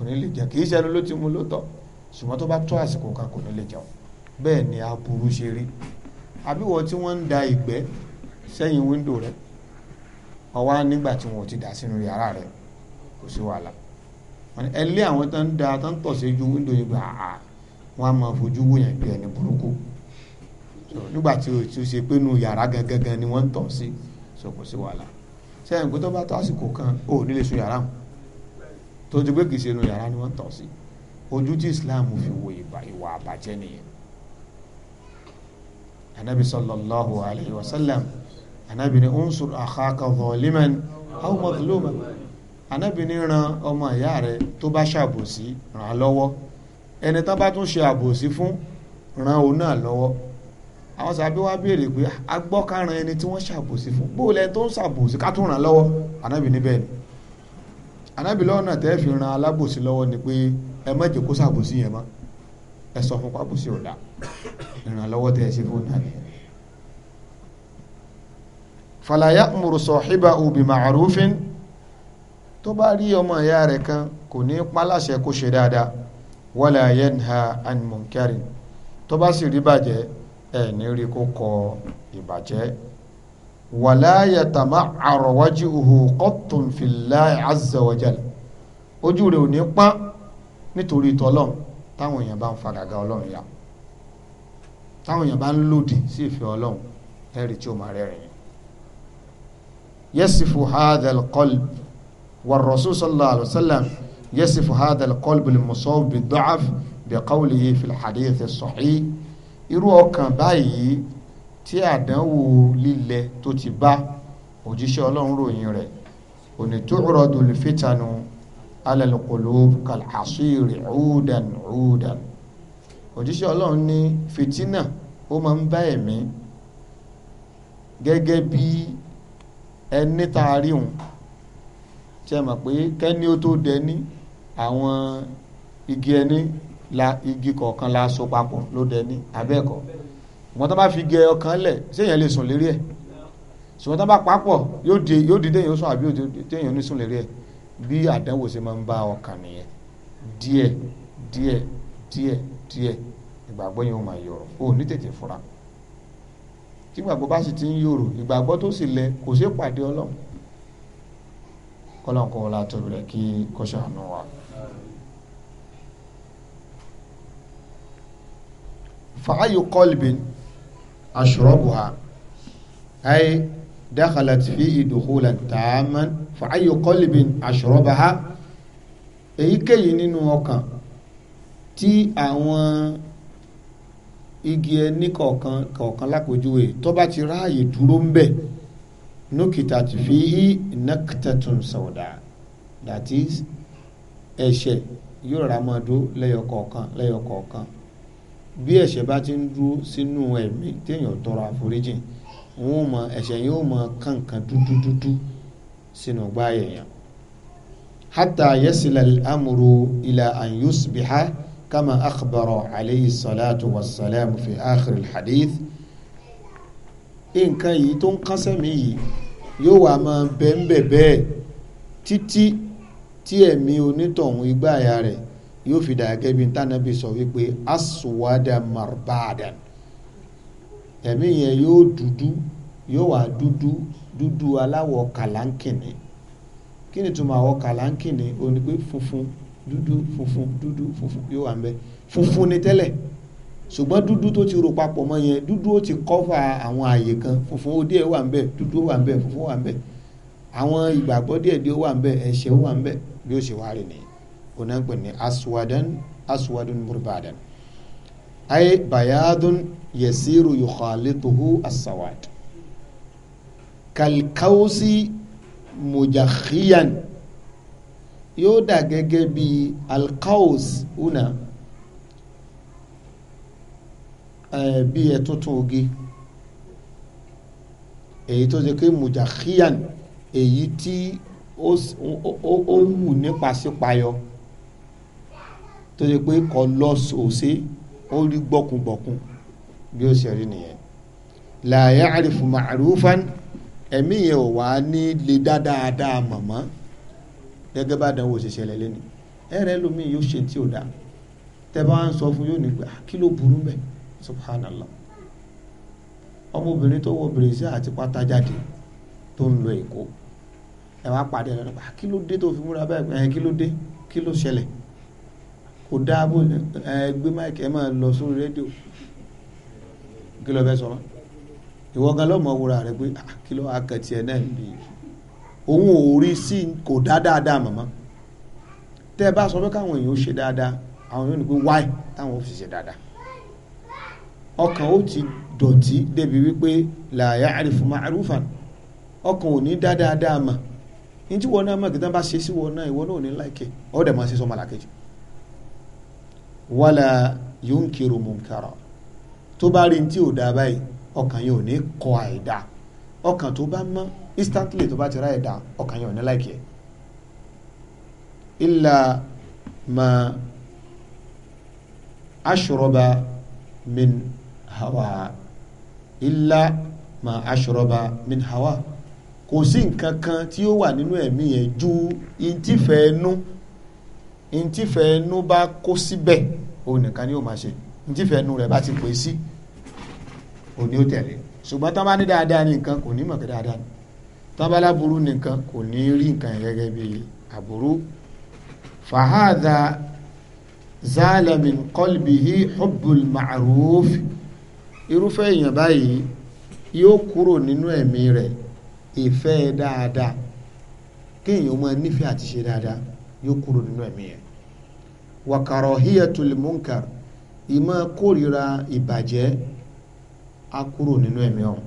kò ní lè jẹ kì í ṣe ẹnu ló ti mú lóòótọ́ ṣùgbọ́n tó bá tó àsìkò kan kò ní lè jẹun bẹ́ẹ̀ ni aburú ṣe rí àbíwọ tí wọ́n ń da ìgbẹ́ sẹ́yìn wíńdò rẹ ọwá nígbà tí wọn ò ti dà sínú yàrá rẹ kò sí wàhálà ẹ lé àwọn tó ń da tó ń tọ̀ sí ju wíńdò yìí gbà á wọn a máa fojú wò yẹn bí ẹni burúkú nígbà tí o ṣe pé nu yàrá gangan ni wọ́n ń tọ̀ sí so kò sí wàhálà sẹ́yìn pé tó bá tó àsìkò kan ò ní lè sun yàrá wọn tó ti gbé kìí ṣe inú yàrá ni wọ́n tọ̀ sí ojú tí Islam fi wo ìwà àbàjẹ́ nìyẹn anabi sallallahu alayhi wa sallam anabi ni unsur akhaka zaliman aw mazluman anabi ni ran ọmọ ìyá rẹ tó bá ṣàbòsí ràn án lọ́wọ́ ẹni tó bá tún ṣe àbòsí fún ràn òun náà lọ́wọ́ àwọn sàbí wa béèrè pé agbọ́kànràn ẹni tí wọ́n ṣàbòsí fún bóòlù tó ń ṣàbòsí ká tún ràn án lọ́wọ́ anabi ni bẹ́ẹ̀ ni anábì lọ́nà tẹ́ fi ran alábòsí lọ́wọ́ ni pé ẹ má jẹ́ kó sàbòsí yẹn mọ́ ẹ sọ fún pàbòsí ọ̀dà ìrànlọ́wọ́ tẹ́ ẹ ṣe fún náà nìyẹn. fala ya'muru sahibahu bi tó bá rí ọmọ ìyá rẹ̀ kan kò ní paláṣẹ kó ṣe dáadáa wala yanha an munkarin tó bá sì rí bàjẹ́ ẹ̀ ní rí kó kọ ìbàjẹ́ wàlá yatama'ar wajhuhu qattun fillahi azza wa jal ojú rẹ̀ ò ní pọ́n nítorí tọ́lọ́n táwọn èèyàn bá ń fagagá ọlọ́run yá táwọn èèyàn bá ń lòdì sí ìfẹ́ ọlọ́run ẹ̀rí tí ó máa rẹ̀ rìn. yasifu hadhal qalb wa rasul sallallahu alayhi wa sallam yasifu hadhal qalb al-musab bi da'af bi irú ọkàn báyìí tí àdánwò líle tó ti bá òjíṣẹ́ ọlọ́run ròyìn rẹ̀ òní tó rọ̀dù fìtànù alẹ́lùkòló kàlàṣírì rúdàn rúdàn òjíṣẹ́ ọlọ́run ní fìtínà ó máa ń bá ẹ̀mí gẹ́gẹ́ bí ẹni tá a rí òun tí a mọ̀ pé kẹ́ni ó tó dẹni àwọn igi ẹni la igi kọ̀ọ̀kan la so papọ̀ ló dẹni abẹ́ẹ̀kọ́ wọn tó bá fi gé ọkàn lẹ̀ séèyàn lè sùn lérí ẹ̀ ṣùgbọ́n tó bá papọ̀ yóò di yóò di déyìn sùn àbí déyìn onísùn lérí ẹ̀ bí àdánwò ṣe máa ń bá ọkàn nìyẹn díẹ̀ díẹ̀ díẹ̀ díẹ̀ ìgbàgbọ́ yẹn ó máa yọ̀rọ̀ ó ní tètè fura tí ìgbàgbọ́ bá sì ti ń yòrò ìgbàgbọ́ tó sì lẹ kò ṣeé pàdé ọlọ́run kọ́lọ́n kó wọn látọ̀rọ̀ rẹ̀ kí kó ṣàánú wa. fàáyò kọ́lbìn أشربها أي دخلت فيه دخولا تاما فأي قلب أشربها èyíkéyìí nínú ọkàn tí àwọn igi ẹni kọ̀ọ̀kan kọ̀ọ̀kan lápòjúwe tó bá ti ráàyè dúró ń bẹ̀ nókìtà ti fi í nẹ́kítẹ̀tùn sọ̀dà that is ẹ̀ṣẹ̀ yóò rà máa dó lẹ́yọ kọ̀ọ̀kan lẹ́yọ kọ̀ọ̀kan bí ẹ̀ṣẹ̀ bá ti ń dúró sínú ẹ̀mí téèyàn tọrọ àforíjìn wọn mọ ẹ̀ṣẹ̀ yẹn ó mọ kànkan dúdúdúdú sínú gbáyẹ̀ yẹn hatta yasila al-amru ila an kama akhbara alayhi salatu wassalam fi akhir hadith nǹkan yìí tó ń kánṣẹ́ mi yìí yóò wá máa bẹ́ẹ̀ bẹ́ẹ̀ títí tí ẹ̀mí onítọ̀hún igbáyà rẹ̀ yóò fi dàgẹ́ bí tànàbí sọ wípé aswada marbadan ẹ̀mí yẹn yóò dúdú yóò wà dúdú dúdú aláwọ̀ kàlánkìnì kí ni túmọ̀ àwọ̀ kàlánkìnì ó ní pé funfun dúdú funfun dúdú funfun yóò wà ń bẹ funfun ni tẹ́lẹ̀ ṣùgbọ́n dúdú tó ti rò papọ̀ mọ́ yẹn dúdú ó ti kọ́fà àwọn àyè kan funfun ó díẹ̀ wà ń dúdú ó wà ń bẹ funfun wà ń àwọn ìgbàgbọ́ díẹ̀ díẹ̀ ó wà ń ẹ̀ṣẹ̀ ó wà ń bí ó ṣe wá rí ni onáńpẹ̀ ní aswadan aswadun murbadan ayé bayadun yasiru yukhalituhu asawad kalkausi mujakhiyan yóò dà gẹ́gẹ́ bí alkaus una eh, bí ẹ̀túntún ogi èyí tó ṣe pé mujakhiyan èyí tí ó hù nípa sípayọ. Si tó ṣe pé kọ lọ sòsé ó rí gbọkùngbọkùn bí ó ṣe rí nìyẹn la ya'rifu ma'rufan ẹ̀mí yẹn ò wá ní lè dáadáa mọ̀mọ́ gẹ́gẹ́ bá dánwò ṣiṣẹ́ lẹ́lẹ́ ni ẹ̀rẹ́ lómi yóò ṣe tí ò dá tẹ́ bá ń sọ fún yóò ní pé ah, kí burú bẹ́ẹ̀ subhanallah ọmọbìnrin tó wọ bèrèsì àti pátá jáde tó ń lọ èkó ẹ wá pàdé ẹ lọ́nà ah, kí ló dé tó fi múra bẹ́ẹ̀ kí ló dé kí ló ṣẹlẹ̀ kò dáàbò ẹ máìkì ẹ máa lọ sórí rédíò kí ló fẹ́ sọ ìwọ gan lọ́mọ rẹ pé kí ló akẹ́tì ẹ náà nwụrụ òun ò rí sí kò dá dáadáa màmá tẹ́ ẹ bá sọ pé káwọn èèyàn ó ṣe dáadáa àwọn èèyàn ní pé wáì táwọn ó fi ṣe dáadáa ọkàn ó ti dọ̀tí débi wípé làyà àrífù ọkàn ò ní dá dáadáa mà ní tí wọn náà mọ̀ kí tán bá ṣe sí wọn náà ìwọ náà ò ní láìkẹ́ máa ṣe sọ́mọ́ làkejì. wala yunkiru munkara tó bá rí tí ò dáa báyìí ọkàn yẹn ò ní kọ àìdá ọkàn tó bá mọ́ instantly tó bá ti ra àìdá ọkàn yẹn ò ní láìkẹ́ illa ma ashroba min hawa illa ma ashroba min hawa kò sí nǹkan kan tí ó wà nínú ẹ̀mí yẹn ju intífẹ̀ẹ́nú intífẹ̀ẹ́nú bá kó síbẹ̀. Si òun nìkan ni yóò máa ṣe ntífẹ̀ẹ́ nu rẹ̀ bá ti pè é sí òní ó tẹ̀lé ṣùgbọ́n tán bá ní dáadáa ní nǹkan kò ní mọ̀ pé dáadáa ni tán bá láburú ní nǹkan kò ní rí nǹkan gẹ́gẹ́ bí àbúrú fàhádà zálẹ̀mí kọ́lbìhí hubbul ma'ruf irúfẹ́ èèyàn báyìí yóò kúrò nínú ẹ̀mí rẹ̀ ìfẹ́ dáadáa kéèyàn máa nífẹ̀ẹ́ àti ṣe dáadáa yóò kúrò nínú ẹ̀mí yẹn wa karahiyatul munkar ìmọ̀ kórìíra ìbàjẹ́ á kúrò nínú ẹ̀mí ọ̀hún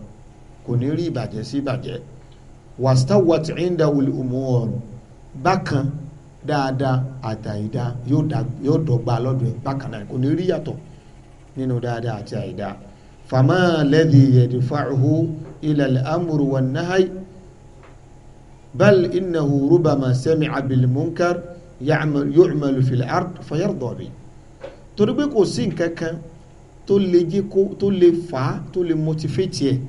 kò ní rí ìbàjẹ́ sí ìbàjẹ́ wastawat inda ul umur bákan dáadáa àtàìdá yóò dọ́gba lọ́dún ẹ̀ bákan náà kò ní rí yàtọ̀ nínú dáadáa àti àìdá fama alladhi yadfa'uhu ila al-amr wan nahy bal innahu rubama sami'a bil munkar yu'malu fil ard fayarda bi torí pé kò sí nǹkan kan tó lè jẹ́ kó tó lè fà á tó lè motivate ẹ̀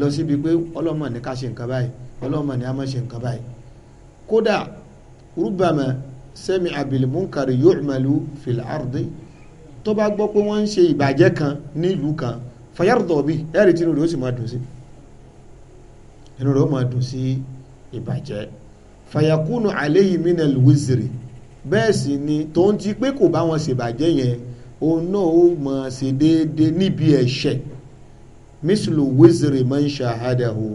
lọ síbi pé ọlọ́mọ ní ká ṣe nǹkan báyìí ọlọ́mọ ní a má ṣe nǹkan báyìí kódà rúbàmà sami'a bil munkari yu'malu fil tó bá gbọ́ pé wọ́n ń ṣe ìbàjẹ́ kan nílùú kan fayarda bi ẹ̀rì tí inú rẹ̀ ó sì máa dùn sí inú rẹ̀ ó máa dùn sí ìbàjẹ́ fàyàkùnù àléyìn mínà lùwìsìrì bẹ́ẹ̀ sì ni tó ń ti pé kò bá wọn ṣèbàjẹ́ yẹn òun náà ó mọ̀ ṣe déédéé níbi ẹ̀ṣẹ̀ mísìlù wìsìrì máa ń ṣàhádà o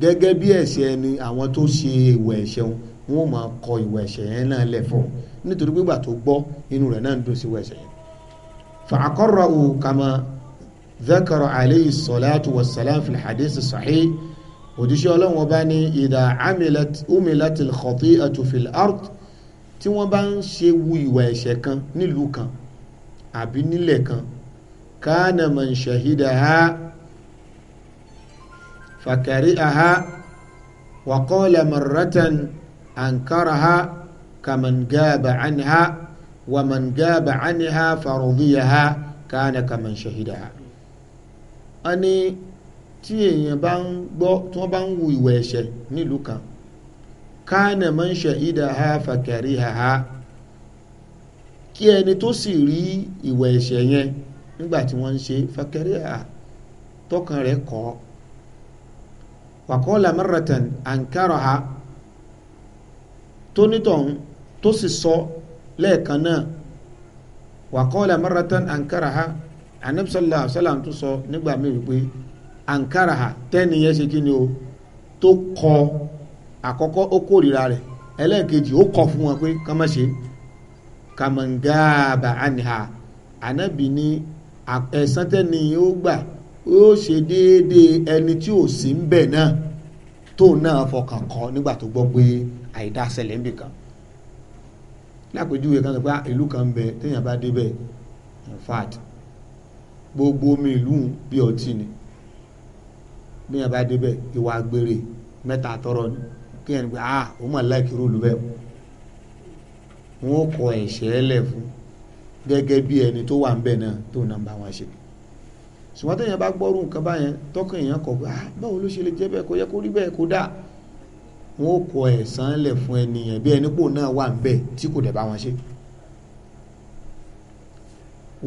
gẹ́gẹ́ bí ẹ̀ṣẹ̀ ẹni àwọn tó ṣe ìwà ẹ̀ṣẹ̀ wọn wọn máa kọ ìwà ẹ̀ṣẹ̀ yẹn náà lẹ́fọ̀ nítorí pé tó gbọ́ inú rẹ̀ náà ń dùn sí ìwà ẹ̀ṣẹ̀ yẹn. fàákọ́rọ̀ o kàmá ذكر عليه الصلاة والسلام في الحديث الصحيح òjíṣẹ́ ọlọ́run ọba ní ìdá umilatil khati'atu fil ard tí wọ́n bá ń ṣe wu ìwà ẹ̀ṣẹ̀ kan nílùú kan àbí nílẹ̀ kan kana man shahidaha fakari'aha wa qala marratan ankaraha kaman gaba anha wa man gaba anha faradiyaha kana kaman shahidaha. a ní tí èèyàn bá ń gbọ́ tí wọ́n bá ń wo ìwà ẹ̀ṣẹ̀ nílùú kan káànà man shahidaha fakarihaha kí ẹni tó sì rí ìwà ẹ̀ṣẹ̀ yẹn nígbà tí wọ́n ń ṣe fakarihaha tọkàn rẹ̀ kọ́ wàkọ́lá marratan ankaraha tónítọ̀hún tó sì sọ lẹ́ẹ̀kan náà wàkọ́lá marratan ankaraha anabisalaam tó sọ nígbà mi wípé ankara tẹni yẹn ṣe kí ni o tó kọ àkọ́kọ́ ó kórìíra rẹ̀ ẹlẹ́ẹ̀kejì ó kọ fún wọn pé ká má àníhà ànábì ní ẹ̀san tẹ́ni ó gbà ó ṣe déédéé ẹni tí ò sí ń bẹ̀ náà tó náà fọkàn nígbà tó gbọ́ pé kan lápèjúwe kan sọ pé ah, ìlú kan ń bẹ téèyàn bá débẹ̀ gbogbo omi ìlú bí bí yẹn bá débẹ̀ ìwà àgbèrè mẹ́ta tọrọ ni kí yẹn gbé ah òun mà láì kiri olú bẹ́ẹ̀ wọn kọ ẹ̀ṣẹ̀ lẹ̀ fún gẹ́gẹ́ bí ẹni tó wà ń bẹ̀ náà tó nà ń bá wọn ṣe ṣùgbọ́n téèyàn bá gbọ́rù nǹkan báyẹn tọkàn èèyàn kọ̀ ah báwo ló ṣe lè jẹ́ bẹ́ẹ̀ kó yẹ kó rí bẹ́ẹ̀ kó dà wọn ò kọ ẹ̀san lẹ̀ fún ẹnìyàn bí ẹni pò náà wà ń tí kò dẹ̀ bá wọn ṣe.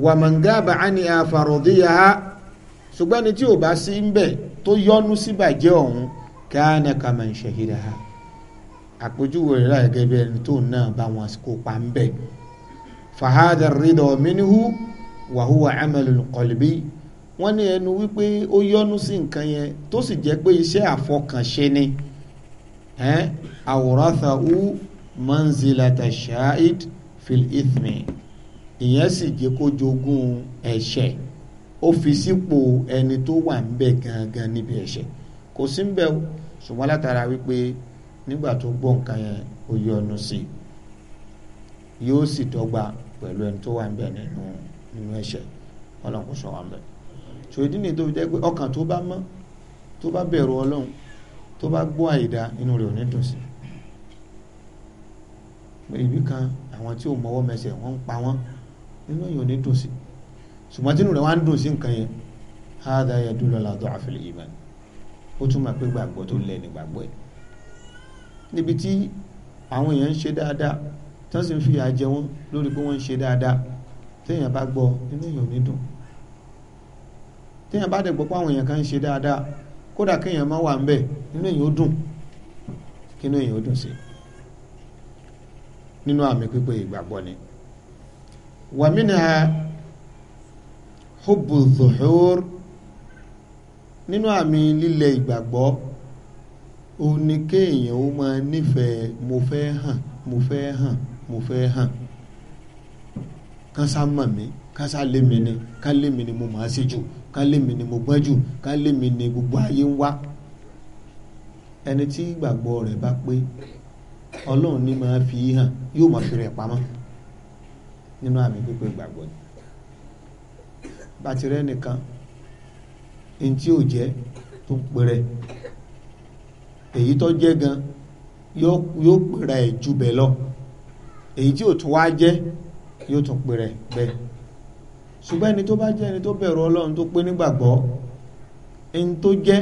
wàmọ̀ngá bàá ni ṣùgbọ́n ẹni tí ò bá sí ń tó yọnu síbàjẹ́ ọ̀hún káàna kàmá ń ṣèhìrì ha àpèjúwe rẹ̀ láì gẹ́gẹ́ bí ẹni tó náà bá wọn kópa ń bẹ̀ fàhádà rídọ̀ mínú wàhùwà amalul qalbi wọ́n ní ẹnu wípé ó yọnu sí nǹkan yẹn tó sì jẹ́ pé iṣẹ́ àfọkànṣe ni àwòránṣà u manzilata shahid fil ithmi ìyẹn sì jẹ́ kó jogún ẹ̀ṣẹ̀. E ó fi sípò ẹni tó wà ń bẹ gangan níbi ẹ̀ṣẹ̀ kò sí ń bẹ o ṣùgbọ́n látara wípé nígbà tó gbọ́ nǹkan yẹn ó yọ́nú sí i yóò sì dọ́gba pẹ̀lú ẹni tó wà ń bẹ nínú nínú ẹ̀ṣẹ̀ ọlọ́run kò sọ wà ń ṣòwò ìdí nìyí tó jẹ́ pé ọkàn tó bá mọ́ tó bá bẹ̀rù ọlọ́run tó bá gbọ́ àìdá inú rẹ̀ ò ní dùn sí i ibi kan àwọn tí ò mọwọ́ mẹsẹ̀ wọ́n ń pa wọ́n inú yìí ò ní dùn sí i ṣùgbọ́n tínú rẹ̀ wá ń dùn sí nǹkan yẹn hádà yẹ dúró lọ́la tó àfẹlẹ̀ ìmánì ó tún máa pé gbàgbọ́ tó lẹ̀ ní gbàgbọ́ ẹ̀ níbi tí àwọn èèyàn ń ṣe dáadáa tí wọ́n sì ń fìyà jẹ wọ́n lórí pé wọ́n ń ṣe dáadáa téèyàn bá gbọ́ inú èèyàn ò ní dùn téèyàn bá dẹ̀ gbọ́ pé àwọn èèyàn kan ń ṣe dáadáa kódà kéèyàn má wà ń bẹ̀ inú èèyàn ó dùn kí inú èèyàn ó dùn sí nínú àmì pípé ìgbàgbọ́ ni wàmínà hubbu dhuhur nínú àmì lílẹ̀ ìgbàgbọ́ òun ni kéèyàn ó máa nífẹ̀ẹ́ mo fẹ́ hàn mo fẹ́ hàn mo fẹ́ hàn kán sá mọ̀ mí kán sá lé mi ni kán lé mi ni mo máa ṣe jù kán lé mi ni mo gbọ́n jù kán lé mi ni gbogbo ayé ń wá ẹni tí ìgbàgbọ́ rẹ̀ bá pé ọlọ́run ní máa fi hàn yóò máa fi rẹ̀ pamọ́ nínú àmì pípé ìgbàgbọ́ ni bàtìrẹ́ nìkan ní tí ò jẹ́ tó ń pèrè èyí tó jẹ́ gan yóò pèrè ẹ̀ ju bẹ́ẹ̀ lọ èyí tí ò tún wá jẹ́ yóò tún pèrè bẹ́ẹ̀ ṣùgbọ́n ẹni tó bá jẹ́ ẹni tó bẹ̀rù ọlọ́run tó pé nígbàgbọ́ ẹni tó jẹ́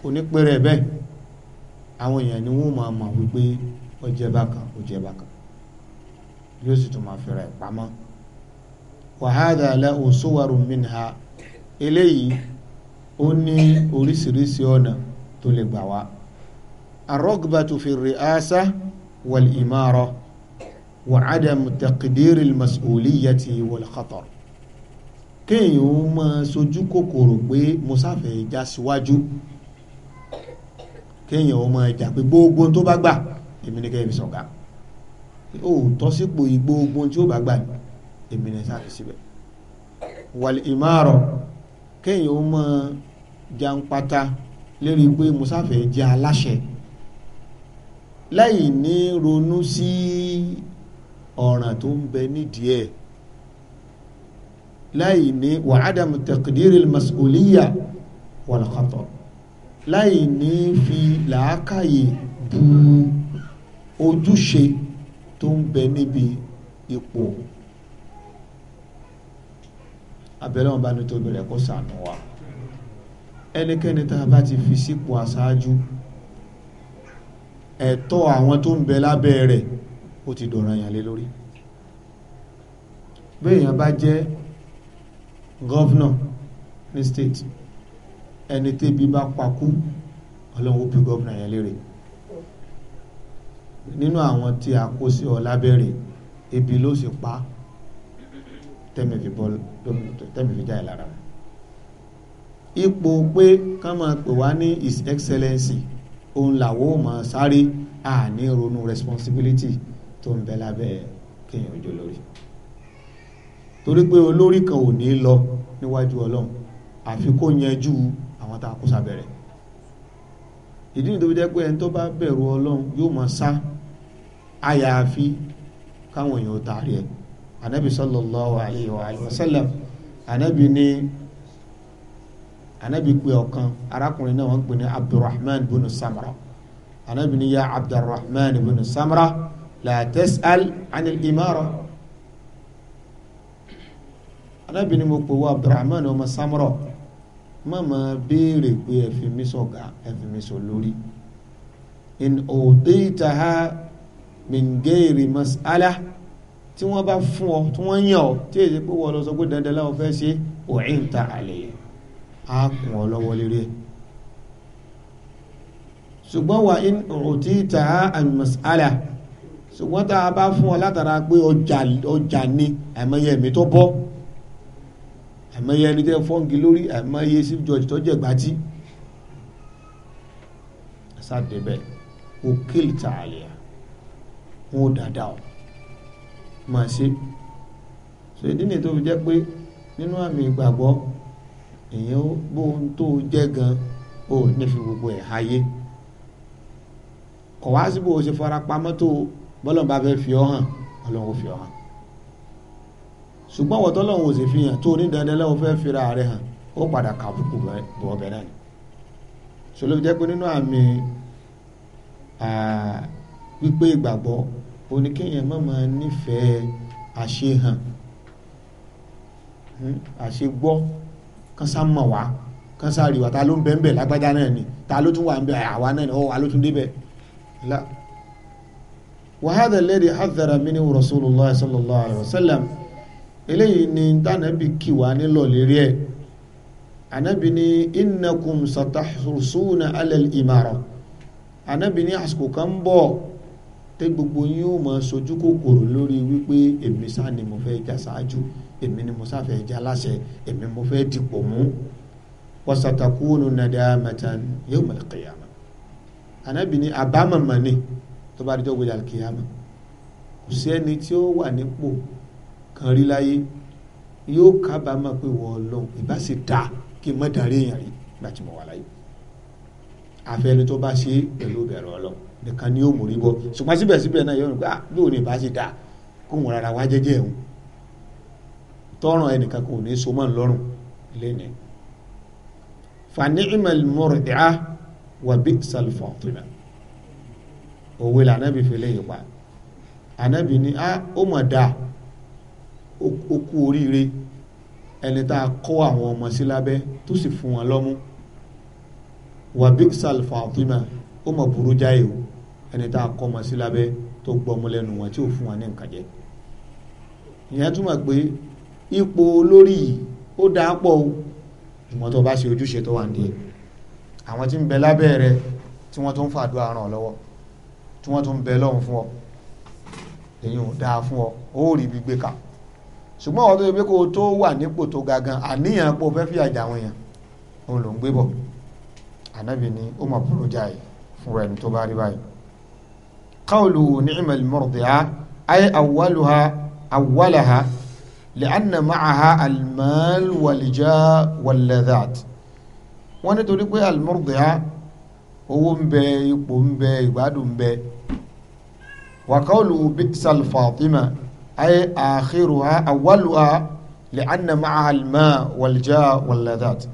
kò ní pèrè bẹ́ẹ̀ àwọn èèyàn ni wọ́n máa mọ̀ wípé ó bákan ó bákan yóò sì tún máa fẹ́ra pamọ́ wàhádà lahu suwarun minha eléyìí ó ní oríṣiríṣi ọ̀nà tó lè gbà wá arọ́gbàtú fi rìásá wal imara wa adam taqdiri al-mas'uliyati wal khatar kéèyàn ó máa sojú kòkòrò pé mo já síwájú kéèyàn ó máa jà pé gbogbo tó bá gbà èmi ni kéèyàn sọ̀gá ó tọ́sípò gbogbo tí ó bá gbà ni èmi ní sáfi síbẹ̀ wàlì ìmáàrọ̀ kéèyàn ó mọ jàǹpátá lérí pé musáfẹ́ jẹ́ aláṣẹ láì ní ronú sí ọ̀ràn tó ń bẹ nídìí ẹ̀ láì ní wàhádàmù tẹ̀kìdírì masolíyà wàlàkàtọ̀ láì ní fi làákàyè bu ojúṣe tó ń bẹ níbi ipò abẹ́lẹ́ wọn bá ní tóbi rẹ̀ kó ṣàánú wa ẹnikẹ́ni tá a bá ti fi sípò aṣáájú ẹ̀tọ́ àwọn tó ń bẹ lábẹ́ rẹ̀ ó ti dọ̀rọ̀ yàn lé lórí bí èèyàn bá jẹ́ gọ́vnọ̀ ní state ẹni tẹ́bi bá pakú ọlọ́run ó bí gọ́vnọ̀ yẹn lérè nínú àwọn tí a kó sí ọ lábẹ́rẹ̀ ebi ló sì pa á tẹ́mi fi bọ́ tẹ́mi fi jáde lára wọn ipò pé kán máa pè wá ní his excellency òun làwọ́ máa sáré àní ronú responsibility tó ń bẹ lábẹ́ kéèyàn ojú lórí torí pé olórí kan ò ní lọ níwájú ọlọ́run àfi kó yanjú àwọn tá a kó sábẹ́rẹ̀ ìdí nìyí tó fi jẹ́ pé ẹni tó bá bẹ̀rù ọlọ́run yóò máa sá àyàfi káwọn èèyàn ó taari ẹ̀ anabi sallallahu alayhi wa alayhi wa sallam anabi ni anabi pe ọ̀kan arákùnrin náà wọ́n pè ní abdulrahman bin samra anabi ni ya abdulrahman bin samra la tas'al anil imara anabi ni mo pè wọ abdulrahman ọmọ samra má ma béèrè pé ẹ̀fì mi sọ̀gá ẹ̀fì mi sọ lórí in òdìtaha min gairi mas'ala tí wọ́n bá fún ọ tí wọ́n yàn ọ tí èyí pé wọ́n lọ sọ pé dandan láwọn fẹ́ ṣe òyìn ta àlè á kùn ọ lọ́wọ́ lérí ẹ̀ ṣùgbọ́n wà ní òtí ta àmì mas'ala ṣùgbọ́n tá a bá fún ọ látara pé ọjà ni àìmọye ẹ̀mí tó bọ́ àìmọye ẹni tẹ́ fọ́ǹgì lórí àìmọye chief judge tó jẹ́ gbàtí sáà débẹ̀ òkèlè tààlẹ̀ wọn ò dáadáa o máa ṣe so ìdí nìyí tó fi jẹ́ pé nínú àmì ìgbàgbọ́ èèyàn bó ohun tó jẹ́ gan ó ní fi gbogbo ẹ̀ háyé kọ̀ wá síbò ó ṣe fara pamọ́ tó bọ́lọ́n bá fẹ́ fi ọ́ hàn ọlọ́run ó fi ọ́ hàn ṣùgbọ́n wọ́tọ́ lọ́run ò sì fi hàn tó ní dandan lọ́run fẹ́ fira rẹ̀ hàn ó padà kàbùkù bọ̀ ọbẹ̀ náà ni so ló pé nínú àmì pípé ìgbàgbọ́ oníkéèyàn má máa nífẹ̀ẹ́ àṣehàn hmm, àṣegbọ́ kan sá mọ̀ wá kan sá rí wa ta ló ń bẹ́ẹ̀ lágbájá náà ni ta ló tún wà ń bẹ àwa náà ni ọwọ́ wa ló tún débẹ̀ la wàhádà lẹ́dí hadhara mini rasulullah sallallahu alayhi wa sallam eléyìí ni tànàbí kì wá nílò lérí ẹ̀ anabi ni innakum satahsuna alal imara anabi ni àsìkò kan bọ̀ tẹ gbogbo yín ó mọ sojú kòkòrò lórí wípé èmi sá ni mo fẹ́ jà ṣáájú èmi ni mo sáfẹ́ jà láṣẹ èmi mo fẹ́ dìpọ̀ mú wasatakunu nadamatan yawm alqiyama anabi ni àbámọ̀ mà ni tó bá dijọ́ gbèjà alqiyama kò sí ẹni tí ó wà nípò kan rí láyé yóò kábàámọ̀ pé wọ́n lọ ìbá sì dá kí n èèyàn rí gbàtí wà láyé àfẹ́ni bá ṣe pẹ̀lú bẹ̀rù Ọlọ́run nìkan ni yóò mórí bọ́ ṣùgbọ́n síbẹ̀síbẹ̀ náà yóò rìn pé ah yóò ní ìbáṣe dáa kó wọn rárá wá jẹ́jẹ́ ẹ̀hún tọ́ràn ẹnìkan kò ní so mọ́ ń lọ́rùn lẹ́nu fani'imal murdi'ah wa bi'sal fatima òwe là anábì fi lè yípa anábì ní a ah, ó mọ̀ dáa ó kú oríire ẹni tá a kọ́ àwọn ọmọ sí lábẹ́ tó sì fún wọn lọ́mú wa bi'sal fatima ó mọ̀ burú jáì o ẹni tá a kọ́ ọmọ sí lábẹ́ tó gbọ́ ọmọ lẹ́nu wọn tí ò fún wọn ní nǹkan jẹ ìyẹn túmọ̀ pé ipò olórí yìí ó dáa pọ̀ o ìmọ̀ tó bá ṣe ojúṣe tó wà ní ẹ̀ àwọn tí ń bẹ lábẹ́ rẹ tí wọ́n tó ń fàdúrà ràn ọ́ lọ́wọ́ tí wọ́n tó ń bẹ lọ́hùn fún ọ èyí ò dáa fún ọ ó rí ibi gbé kà ṣùgbọ́n ọ̀rọ̀ tó yẹ pé kó o tó wà nípò tó ga gan àníyàn pé o fẹ́ fi àjà àwọn èèyàn òun ló ń gbé bọ̀ ànábì ni ó mọ̀ búrò jáì fún ẹni tó bá rí báyìí قوله نعم المرضعة أي أولها أولها لأن معها المال والجاء واللذات ونتريك المرضعة هو مبي ومبي بعد مبي وقوله بئس الفاطمة أي آخرها أولها لأن معها الماء والجاء واللذات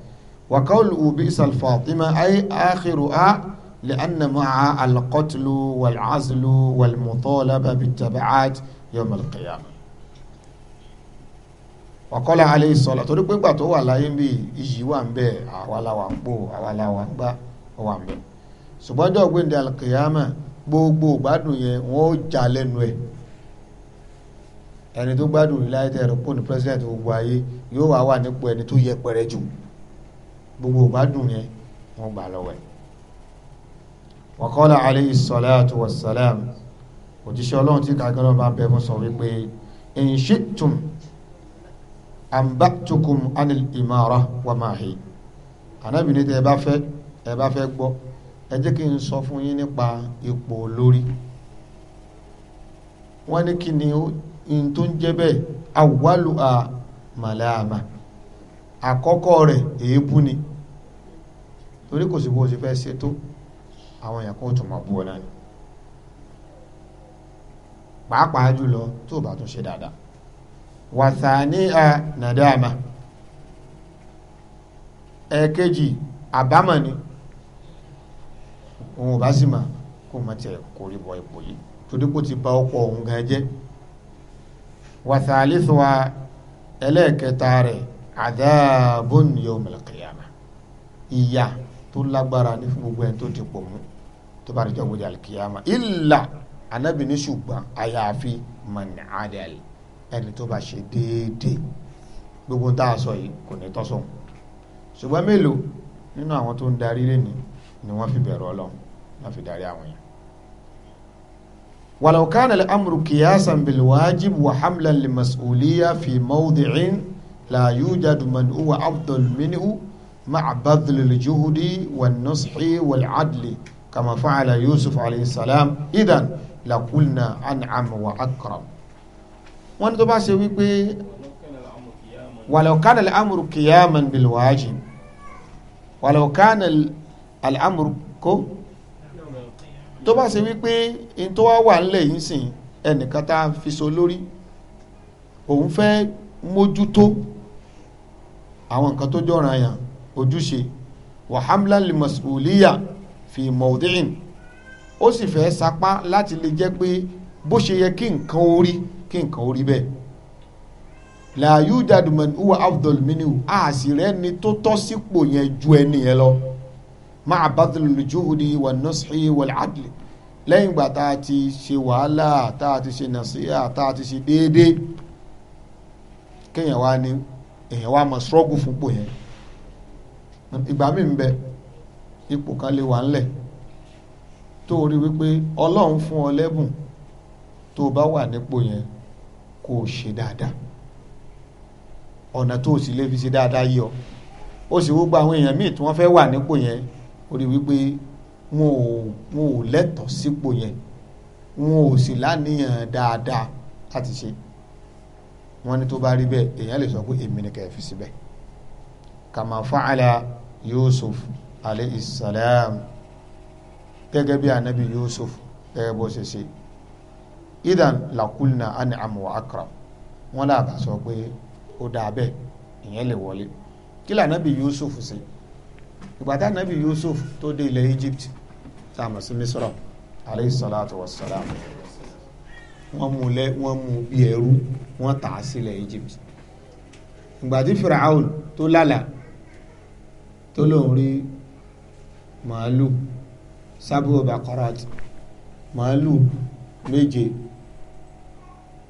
وقوله بئس الفاطمة أي آخرها لأن مع القتل والعزل والمطالبة بالتبعات يوم القيامة وقال عليه الصلاة torí pé ńgbà tó wà láyé ń bí iyì wà ń bẹ àwa la wà ń pò àwa la wà ń gbà ó wà ń bẹ ṣùgbọ́n ọjọ́ gbẹ̀ndẹ̀ alkiyama gbogbo gbádùn yẹn wọ́n ó jà lẹ́nu ẹ̀ ẹni tó gbádùn rí láyé tẹ̀rọ pò ní president gbogbo ayé yóò wá wà nípò ẹni tó yẹpẹrẹ jù gbogbo gbádùn yẹn wọ́n gbà lọ́wọ́ ẹ̀ wàkọ́lá aleyhi salatu wa salam òjíṣẹ́ ọlọ́run tí kàkẹ́ náà bá bẹ fún sọ wípé in shi'tum anba'tukum anil imara wa mahi anábìnrin tẹ ẹ bá ẹ bá fẹ́ gbọ́ ẹ jẹ́ kí n sọ fún yín nípa ipò olórí wọ́n ní kí ni n tó ń jẹ́ bẹ́ẹ̀ awwalu a malama, àkọ́kọ́ rẹ̀ èébú ni torí kò sí bó o ṣe fẹ́ ṣe tó àwọn èèyàn kò tún mọ bú ọ náà ni pàápàá jùlọ tó bá tún ṣe dáadáa wàsàní à nàdáàmà ẹ̀ẹ̀kejì àbámọ̀ ni òun ò bá sì mà kó má tiẹ̀ kórè bọ ipò yìí torí kó ti bà ọkọ òun gan jẹ́ wàsàlí sọ wa ẹlẹ́ẹ̀kẹta rẹ̀ àdáàbò ní yawm al tó lágbára ní fún gbogbo ẹni tó ti pọ̀ mú tó bá dìjọ́ wọ́n di alikiyama illa anabi ní ṣùgbọ́n àyàfi man adal ẹni tó bá ṣe déédéé gbogbo tá a sọ yìí kò ní tọ́sọ̀ ṣùgbọ́n mélòó nínú àwọn tó ń darí lẹ́ni ni wọ́n fi bẹ̀rù ọlọ́run wọ́n fi darí àwọn yẹn. ولو كان الأمر قياسا بالواجب وحملا لمسؤولية في موضع لا يوجد من هو أفضل منه مع بذل الجهد والنصح والعدل كما فعل يوسف عليه السلام إذا لقلنا أنعم وأكرم وأنا تبع سوي ولو كان الأمر قياما بالواجب ولو كان الأمر كو tó bá ṣe wípé n tó wá wà nílẹ̀ yìí sìn ẹnìkan tá a fi so lórí òun fẹ́ mójútó àwọn nǹkan tó jọ̀ràn yàn ojúṣe wàhámlá lè mọ̀sùlùmíyà fi mọ̀ọ́dẹ́yìn ó sì fẹ́ sapá láti lè jẹ́ pé bó ṣe yẹ kí nǹkan orí kí nǹkan orí bẹ́ẹ̀ làyú jadumẹ uwa afdol minu àṣìrẹ́ ni tó tọ́ sípò yẹn ju ẹni yẹn lọ máa bá tolùjúhùdì wà nọ́sì wà ládìlì lẹ́yìn ìgbà tá a ti ṣe wàhálà tá a ti ṣe nàṣíyà tá a ti ṣe déédéé kéèyàn wá ní èèyàn wá mọ̀ ṣọ́gù fúnpò yẹn ìgbà mi ń bẹ́ẹ̀ ipò kan lè wà ńlẹ̀ tó rí wípé ọlọ́run fún ọ lẹ́bùn tó bá wà nípò yẹn kó o ṣe dáadáa ọ̀nà tó o sì lè fi ṣe dáadáa yọ ó sì wúgbà àwọn èèyàn míì tí wọ́n fẹ́ wà nípò yẹn ó rí wípé wọn ò wọn ò lẹ́tọ̀ọ́ sípò yẹn wọn ò sì láníyàn dáadáa láti ṣe wọ́n ní tó bá rí bẹ́ẹ̀ èèyàn lè sọ pé èmi ni kẹ́ ẹ fi síbẹ̀ kàmáfáàlà Yusuf alayhi salam gẹ́gẹ́ bí anabi yusuf gẹ́gẹ́ bó ṣe ṣe idan lakulna an'am wa akram wọn là bá sọ pé ó dáa bẹ́ẹ̀ ìyẹn lè wọlé kí lànàbì yusuf ṣe ìgbà tá nàbì yusuf tó dé ilẹ̀ egypt tá a sí misra alayhi salatu wa salam wọ́n mú lẹ́ wọ́n mú bí ẹrú wọ́n tà á sílẹ̀ egypt ìgbà firaun tó lálàá tó lóun rí màálù sábú bakarat màálù méje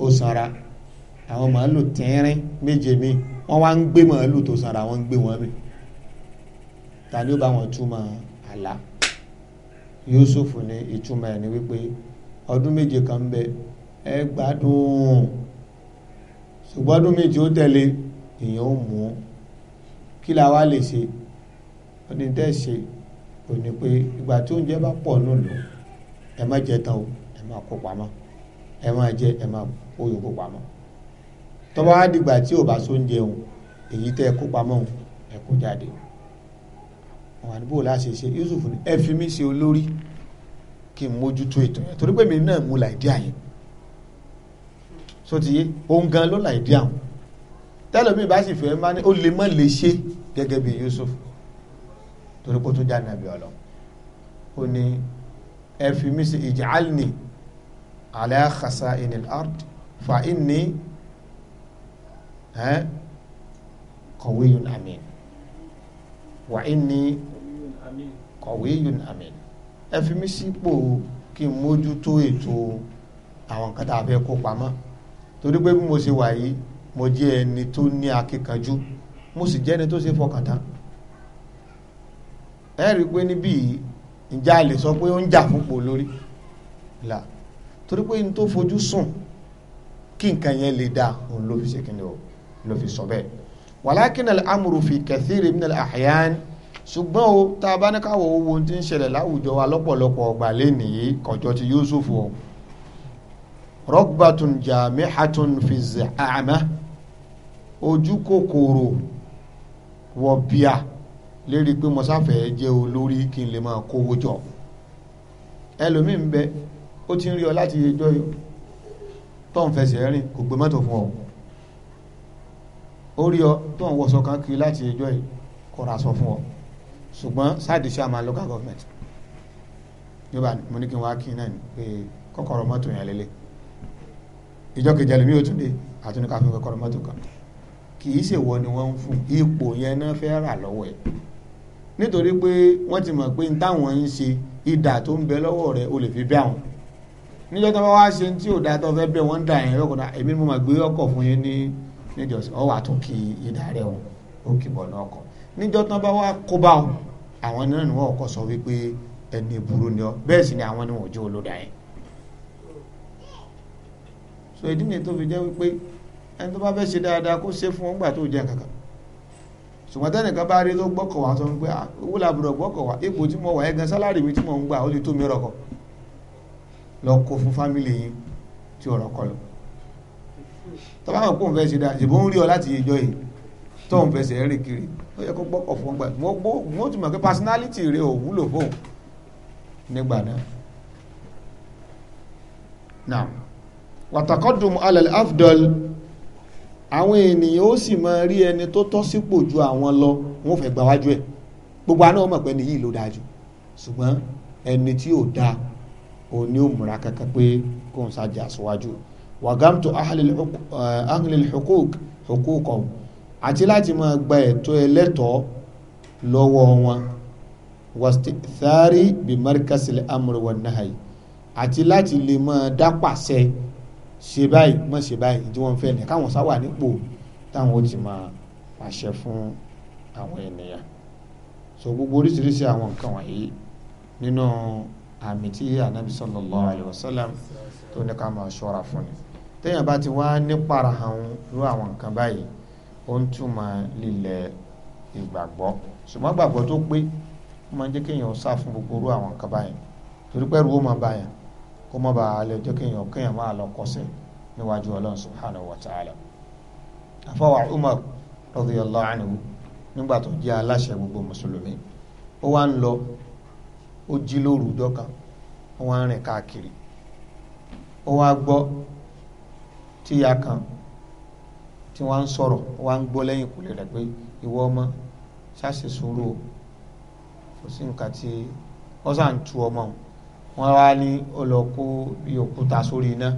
òsàrà àwọn màálù tẹ́rín méje mi wọ́n wá ń gbé màálù tó sàrà wọ́n ń gbé wọn mi ta ni ó bá wọn túmọ̀ àlá Yusuf ní ìtumọ̀ ẹ̀ ni wípé ọdún méje kan ń bẹ ẹ gbádùn ṣùgbọ́n ọdún méje ó tẹ̀lé èèyàn ó mú kí la wá lè ṣe ó ní ṣe ó ní pé ìgbà tí oúnjẹ bá pọ̀ nù lò ẹ má jẹ tán o ẹ má kó pamọ́ ẹ má jẹ ẹ má kó yòókù pamọ́ tó bá dìgbà tí ò bá sóúnjẹ òun èyí tẹ́ ẹ kó pamọ́ òun ẹ kó jáde àwọn àdúgbò láṣẹ ṣe Yusuf ní ẹ fi mí ṣe olórí kí n mójútó ètò yẹn torí pé mi náà mú làìdí àyẹn sotiye òun gan ló làìdí àwọn tẹlẹmí bá sì fẹ́ máa ní ó lè má lè ṣe gẹ́gẹ́ bí Yusuf torí kó tó já nàbí ọlọ ó ní ẹ fi mí sí ij'alni ala khasa'inil ard fa inni qawiyyun amin wa inni qawiyyun amin ẹ fi mí sípò kí n mójútó ètò àwọn nǹkan tá kó pamọ́ torí pé bí mo ṣe wà yìí mo jẹ́ ẹni tó ní akíkanjú mo sì jẹ́ ẹni tó ṣe fọkàn ẹ rí i pé níbí ìjà lè sọ pé ó ń jà fúnpọ̀ lórí là torí pé n tó fojú sùn kí nǹkan yẹn lè dáa òun ló fi ṣe kí ni o ló fi sọ bẹ́ẹ̀ wàlákìn al-amru fi kathiri min al-ahyan ṣùgbọ́n o tá a bá ní káwọ̀ owó tí ń ṣẹlẹ̀ láwùjọ wa lọ́pọ̀lọpọ̀ ọgbà lénìí kọjọ́ ti Yusuf o rọ́gbàtún jamihatun fi zàmà ojú kòkòrò wọ̀bíà lérí pé mo sáfẹ́ jẹ́ olórí kí n lè máa kówó jọ ẹlòmíì ń bẹ ó ti ń rí ọ láti ẹjọ́ yìí tó ń fẹsẹ̀ rìn kò gbé mọ́tò fún ọ ó rí ọ tó ń wọṣọ kan kiri láti ẹjọ́ yìí kò ra fún ọ ṣùgbọ́n sáàdì sàmà local government yóò mo ní kí n wá kí náà pé kọ́kọ́rọ́ mọ́tò yẹn lélẹ̀ ìjọ kejì ẹlòmíì ó tún dé àti ní mọ́tò kan kì í ṣèwọ ni wọ́n ń fún ipò yẹn náà fẹ́ rà lọ́wọ́ ẹ̀ nítorí pé wọ́n ti mọ̀ pé ní táwọn ń ṣe ìdà tó ń bẹ lọ́wọ́ rẹ̀ o lè fi bẹ́ àwọn níjọ́ tó bá wá ṣe tí ò dáa tó fẹ́ bẹ́ wọ́n ń dà yẹn lọ́kọ̀dá èmi mo máa gbé ọkọ̀ fún yín ní níjọ́sí ọ wà tún kí ìdà o ó kì bọ̀ ní ọkọ̀ níjọ́ tó bá wá kó bá wọn àwọn náà ni wọ́n kọ́ sọ wípé ẹni burú ni ọ bẹ́ẹ̀ sì ni àwọn ni wọ́n jẹ́ olódà yẹn so ìdí nìyẹn tó fi jẹ́ wípé ẹni tó bá fẹ́ ṣe dáadáa kó ṣe fún ọgbà tó jẹ́ kankan ṣùgbọ́n tẹ́nìkan bá rí tó gbọ́kọ̀ wá sọ pé owó làbúrò gbọ́kọ̀ wá ipò tí mo wà ẹ̀gan sálárì mi tí mo ń gbà ó lè tó mi rọ̀kọ̀ lọ kó fún fámìlì yín tí ọ̀rọ̀ kọ lọ. tọ́ba àwọn kò ń fẹ́ ṣe dáa ṣùgbọ́n ń rí ọ láti yẹjọ́ yìí tó ń fẹsẹ̀ rìn kiri ó yẹ kó gbọ́kọ̀ fún ọgbà mo ti mọ̀ pé personality rẹ ò wúlò fóun nígbà náà. now wàtàkọ́dùn alẹ́ afdol àwọn ènìyàn ó sì máa rí ẹni tó tọ́ sípò ju àwọn lọ wọ́n fẹ́ gbáwájú ẹ̀ gbogbo àná ọmọ pé ẹni ló dáa ṣùgbọ́n ẹni tí ò dáa òun ni múra kankan pé kó n ṣáàjì aṣíwájú wàgámtò ahlil hukuk eh, hukukom àti láti máa gba ẹ̀tọ́ ẹlẹ́tọ̀ọ́ lọ́wọ́ wọn wàstíthárì bí markasil amr wan nahay àti láti lè máa dápàṣẹ ṣe báyìí mọ̀ ṣe báyìí tí wọ́n fẹ́ ni káwọn sá wà nípò táwọn ó ti máa pàṣẹ fún àwọn ènìyàn so gbogbo oríṣiríṣi àwọn nǹkan wọ̀nyí nínú àmì tí anabi sallallahu alayhi wa sallam tó ní ká máa ṣọ́ra fún ni téèyàn bá ti wá nípara hàn ló àwọn nǹkan báyìí ó ń túmọ̀ lílẹ̀ ìgbàgbọ́ ṣùgbọ́n gbàgbọ́ tó pé ó máa ń jẹ́ kéèyàn sá fún gbogbo orú àwọn nǹkan báyìí torí pẹ́rù ó máa báyàn kó má bàa lè jẹ́ ma kéèyàn máa lọ kọsẹ̀ níwájú ọlọ́run subhanahu wa ta'ala afọwà umar radiyallahu anhu nígbà tó jẹ́ aláṣẹ gbogbo mùsùlùmí ó wá ń lọ ó jí lóru dọ́kan ó wá ń rìn káàkiri ó wá gbọ́ tíya kan tí wọ́n ń sọ̀rọ̀ ó wá ń gbọ́ lẹ́yìn rẹ̀ pé ọmọ o kò sí nǹkan tí sàn ọmọ wọ́n wá ní ọlọ́kú ìyókúta sórí iná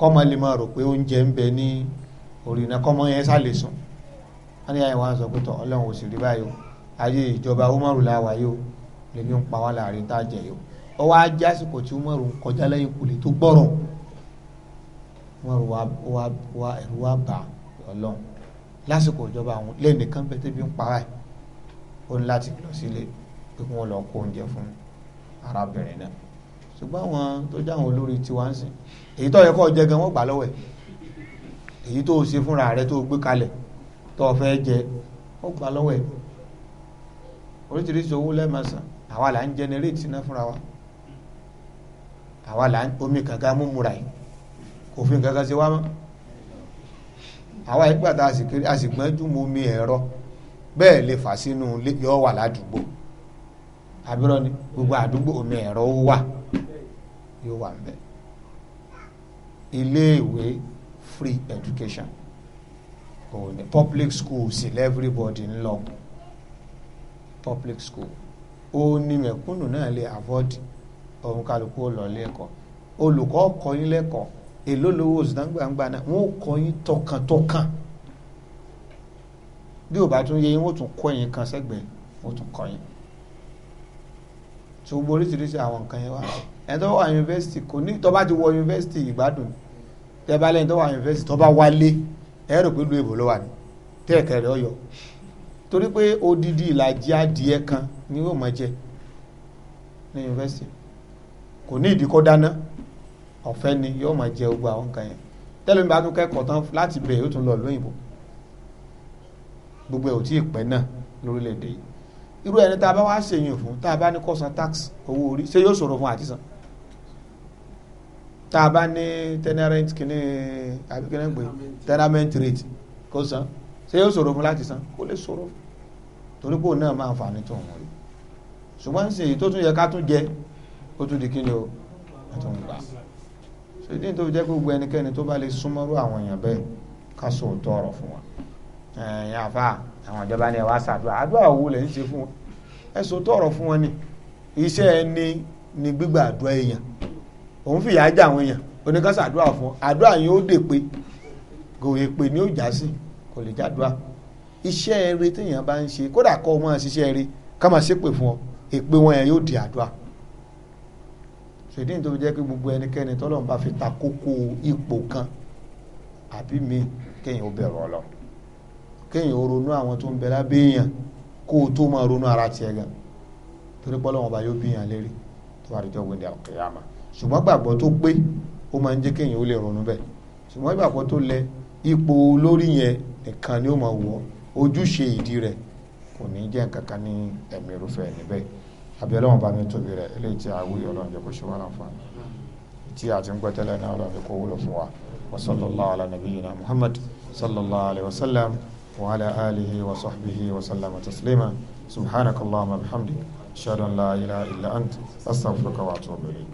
kọ́mọ lè máa rò pé oúnjẹ ń bẹ ní orí iná kọ́mọ yẹn sá lè sùn wọ́n ní àyẹ̀wò àwọn sọ pé tọ́ rí báyìí o ayé ìjọba umaru làwà yìí o lèmi ń pa wá láàrin tá a jẹ yìí o ó wá jásìkò tí umaru ń kọjá lẹ́yìn kulè tó gbọ́rọ̀ umaru wa wa wa ẹ̀rù wa bà ọlọ́run lásìkò ìjọba àwọn lẹ́nìkan bẹ́ẹ̀ tẹ́bi ń para ẹ̀ ó ní láti lọ sílé pé kí wọ́n lọ kó oúnjẹ fún arábìnrin náà ṣùgbọ́n àwọn tó jáwọn olórí tiwa ń sìn èyí tó yẹ kó jẹ gan wọ́n gbà lọ́wọ́ ẹ̀ èyí tó ṣe fúnra rẹ tó gbé kalẹ̀ tó fẹ́ jẹ wọ́n gbà lọ́wọ́ ẹ̀ oríṣiríṣi owó lẹ́ẹ̀mẹsàn àwa là ń jẹnẹrétì iná fúnra wa àwa là ń omi kankan múmúra yìí kò fi nǹkan ṣe wá mọ́ àwa ìgbà tá a sì gbọ́njú mu omi ẹ̀rọ bẹ́ẹ̀ lè fà sínú yọ wà ládùúgbò àbúrò ni gbogbo àdúgbò omi ẹ̀rọ wà yóò wà ńbẹ̀ iléèwé free education òun public school sì everybody ń lọ public school ó ní mẹ̀kúnnù náà lè avoid òun kálukú ó lọ lẹ́kọ̀ọ́ olùkọ́ kọ́ yín lẹ́kọ̀ọ́ èló lówó òsìdángbàǹgbà náà wọ́n kọ́ yín tọkàntọkàn bí ò bá tún yẹ yín wọ́n tún kọ́ yín kan sẹ́gbẹ̀ẹ́ wọ́n tún kọ́ yín tó gbóríṣiríṣi àwọn nǹkan yẹn wà ẹni tó wà yunifásitì kò ní tó bá ti wọ yunifásitì ìgbádùn tẹ bá lẹ́yìn tó wà yunifásitì tó bá wálé ẹ rò pé lu èbò ló wà ní tẹ́ ẹ̀kẹ́ rẹ̀ ọ̀yọ́ torí pé odidi ìlàjì adìẹ kan ni yóò máa jẹ ní yunifásitì kò ní ìdíkọ́ dáná ọ̀fẹ́ ni yóò máa jẹ gbogbo àwọn nǹkan yẹn tẹ́lẹ̀ mi bá tún kẹ́kọ̀ọ́ tán láti bẹ̀ yóò tún lọ lóyìnbó gbogbo ẹ̀ ò tí ì pẹ́ náà lórílẹ̀ yìí irú ẹni tá a bá wá ṣèyìn fún tá a bá ní kó tax owó orí ṣé yóò ṣòro fún àti tá a bá ní tenant kìíní àbí kìíní gbé tenant rate kó san ṣé yóò ṣòro fún láti san kó lè ṣòro torí pé òun náà máa ń fa nítorí wọn rí ṣùgbọ́n sì tó tún yẹ ká tún jẹ ó tún di kíni o nítorí gbà ṣe ní tó jẹ́ gbogbo ẹnikẹ́ni tó bá lè súnmọ́rú àwọn èèyàn bẹ́ẹ̀ ká sọ òótọ́ ọ̀rọ̀ fún wọn ẹ̀yin àfa àwọn ìjọba ni ẹ wá ṣàdúrà àdúrà wo lè ṣe fún wọn ẹ sọ òótọ́ ọ̀rọ̀ fún wọn ni iṣẹ́ ẹni ni gbígbà àdúrà èèyàn òun fìyà jẹ àwọn èèyàn oníkan ṣàdúrà fún àdúrà yẹn ó dè pé kò èpè ni ó já sí kò lè jádùá iṣẹ́ eré téèyàn bá ń ṣe kódà kọ́ ọ máa ṣiṣẹ́ eré ká máa ṣépè fún ọ èpè wọn yẹn yóò di àdúrà ṣèdí nítorí jẹ́ pé gbogbo ẹnikẹ́ni tọ́lọ́run bá fi ta kókó ipò kan àbí mi kéèyàn ó bẹ̀rù ọ lọ kéèyàn ó ronú àwọn tó ń bẹ lábẹ́ èèyàn kó o tó máa ronú ara tiẹ̀ gan torí pé ọba yóò bí èèyàn lérí tó bá rí jọ́ wíńdí àkèyàmá ṣùgbọ́n gbàgbọ́ tó pé ó máa ń jẹ́ kéèyàn ó lè ronú bẹ́ẹ̀ ṣùgbọ́n gbàgbọ́ tó lẹ ipò olórí yẹn nìkan ni ó máa wọ̀ ojúṣe ìdí rẹ̀ kò ní jẹ́ nǹkan kan ní ẹ̀mí irúfẹ́ níbẹ̀ abẹ́rẹ́ wọn bá mi tóbi rẹ̀ eléyìí tí a wúyọ̀ ọlọ́run jẹ́ kó ṣe wà láǹfààní tí a ti ń gbọ́ náà ọlọ́run jẹ́ kó wúlò fún wa wa sallallahu ala nabiyyina muhammad sallallahu alayhi wa sallam wa ala alihi wa sahbihi wa sallama taslima subhanakallahumma bihamdik ashhadu an la ilaha illa ant astaghfiruka wa atubu ilayk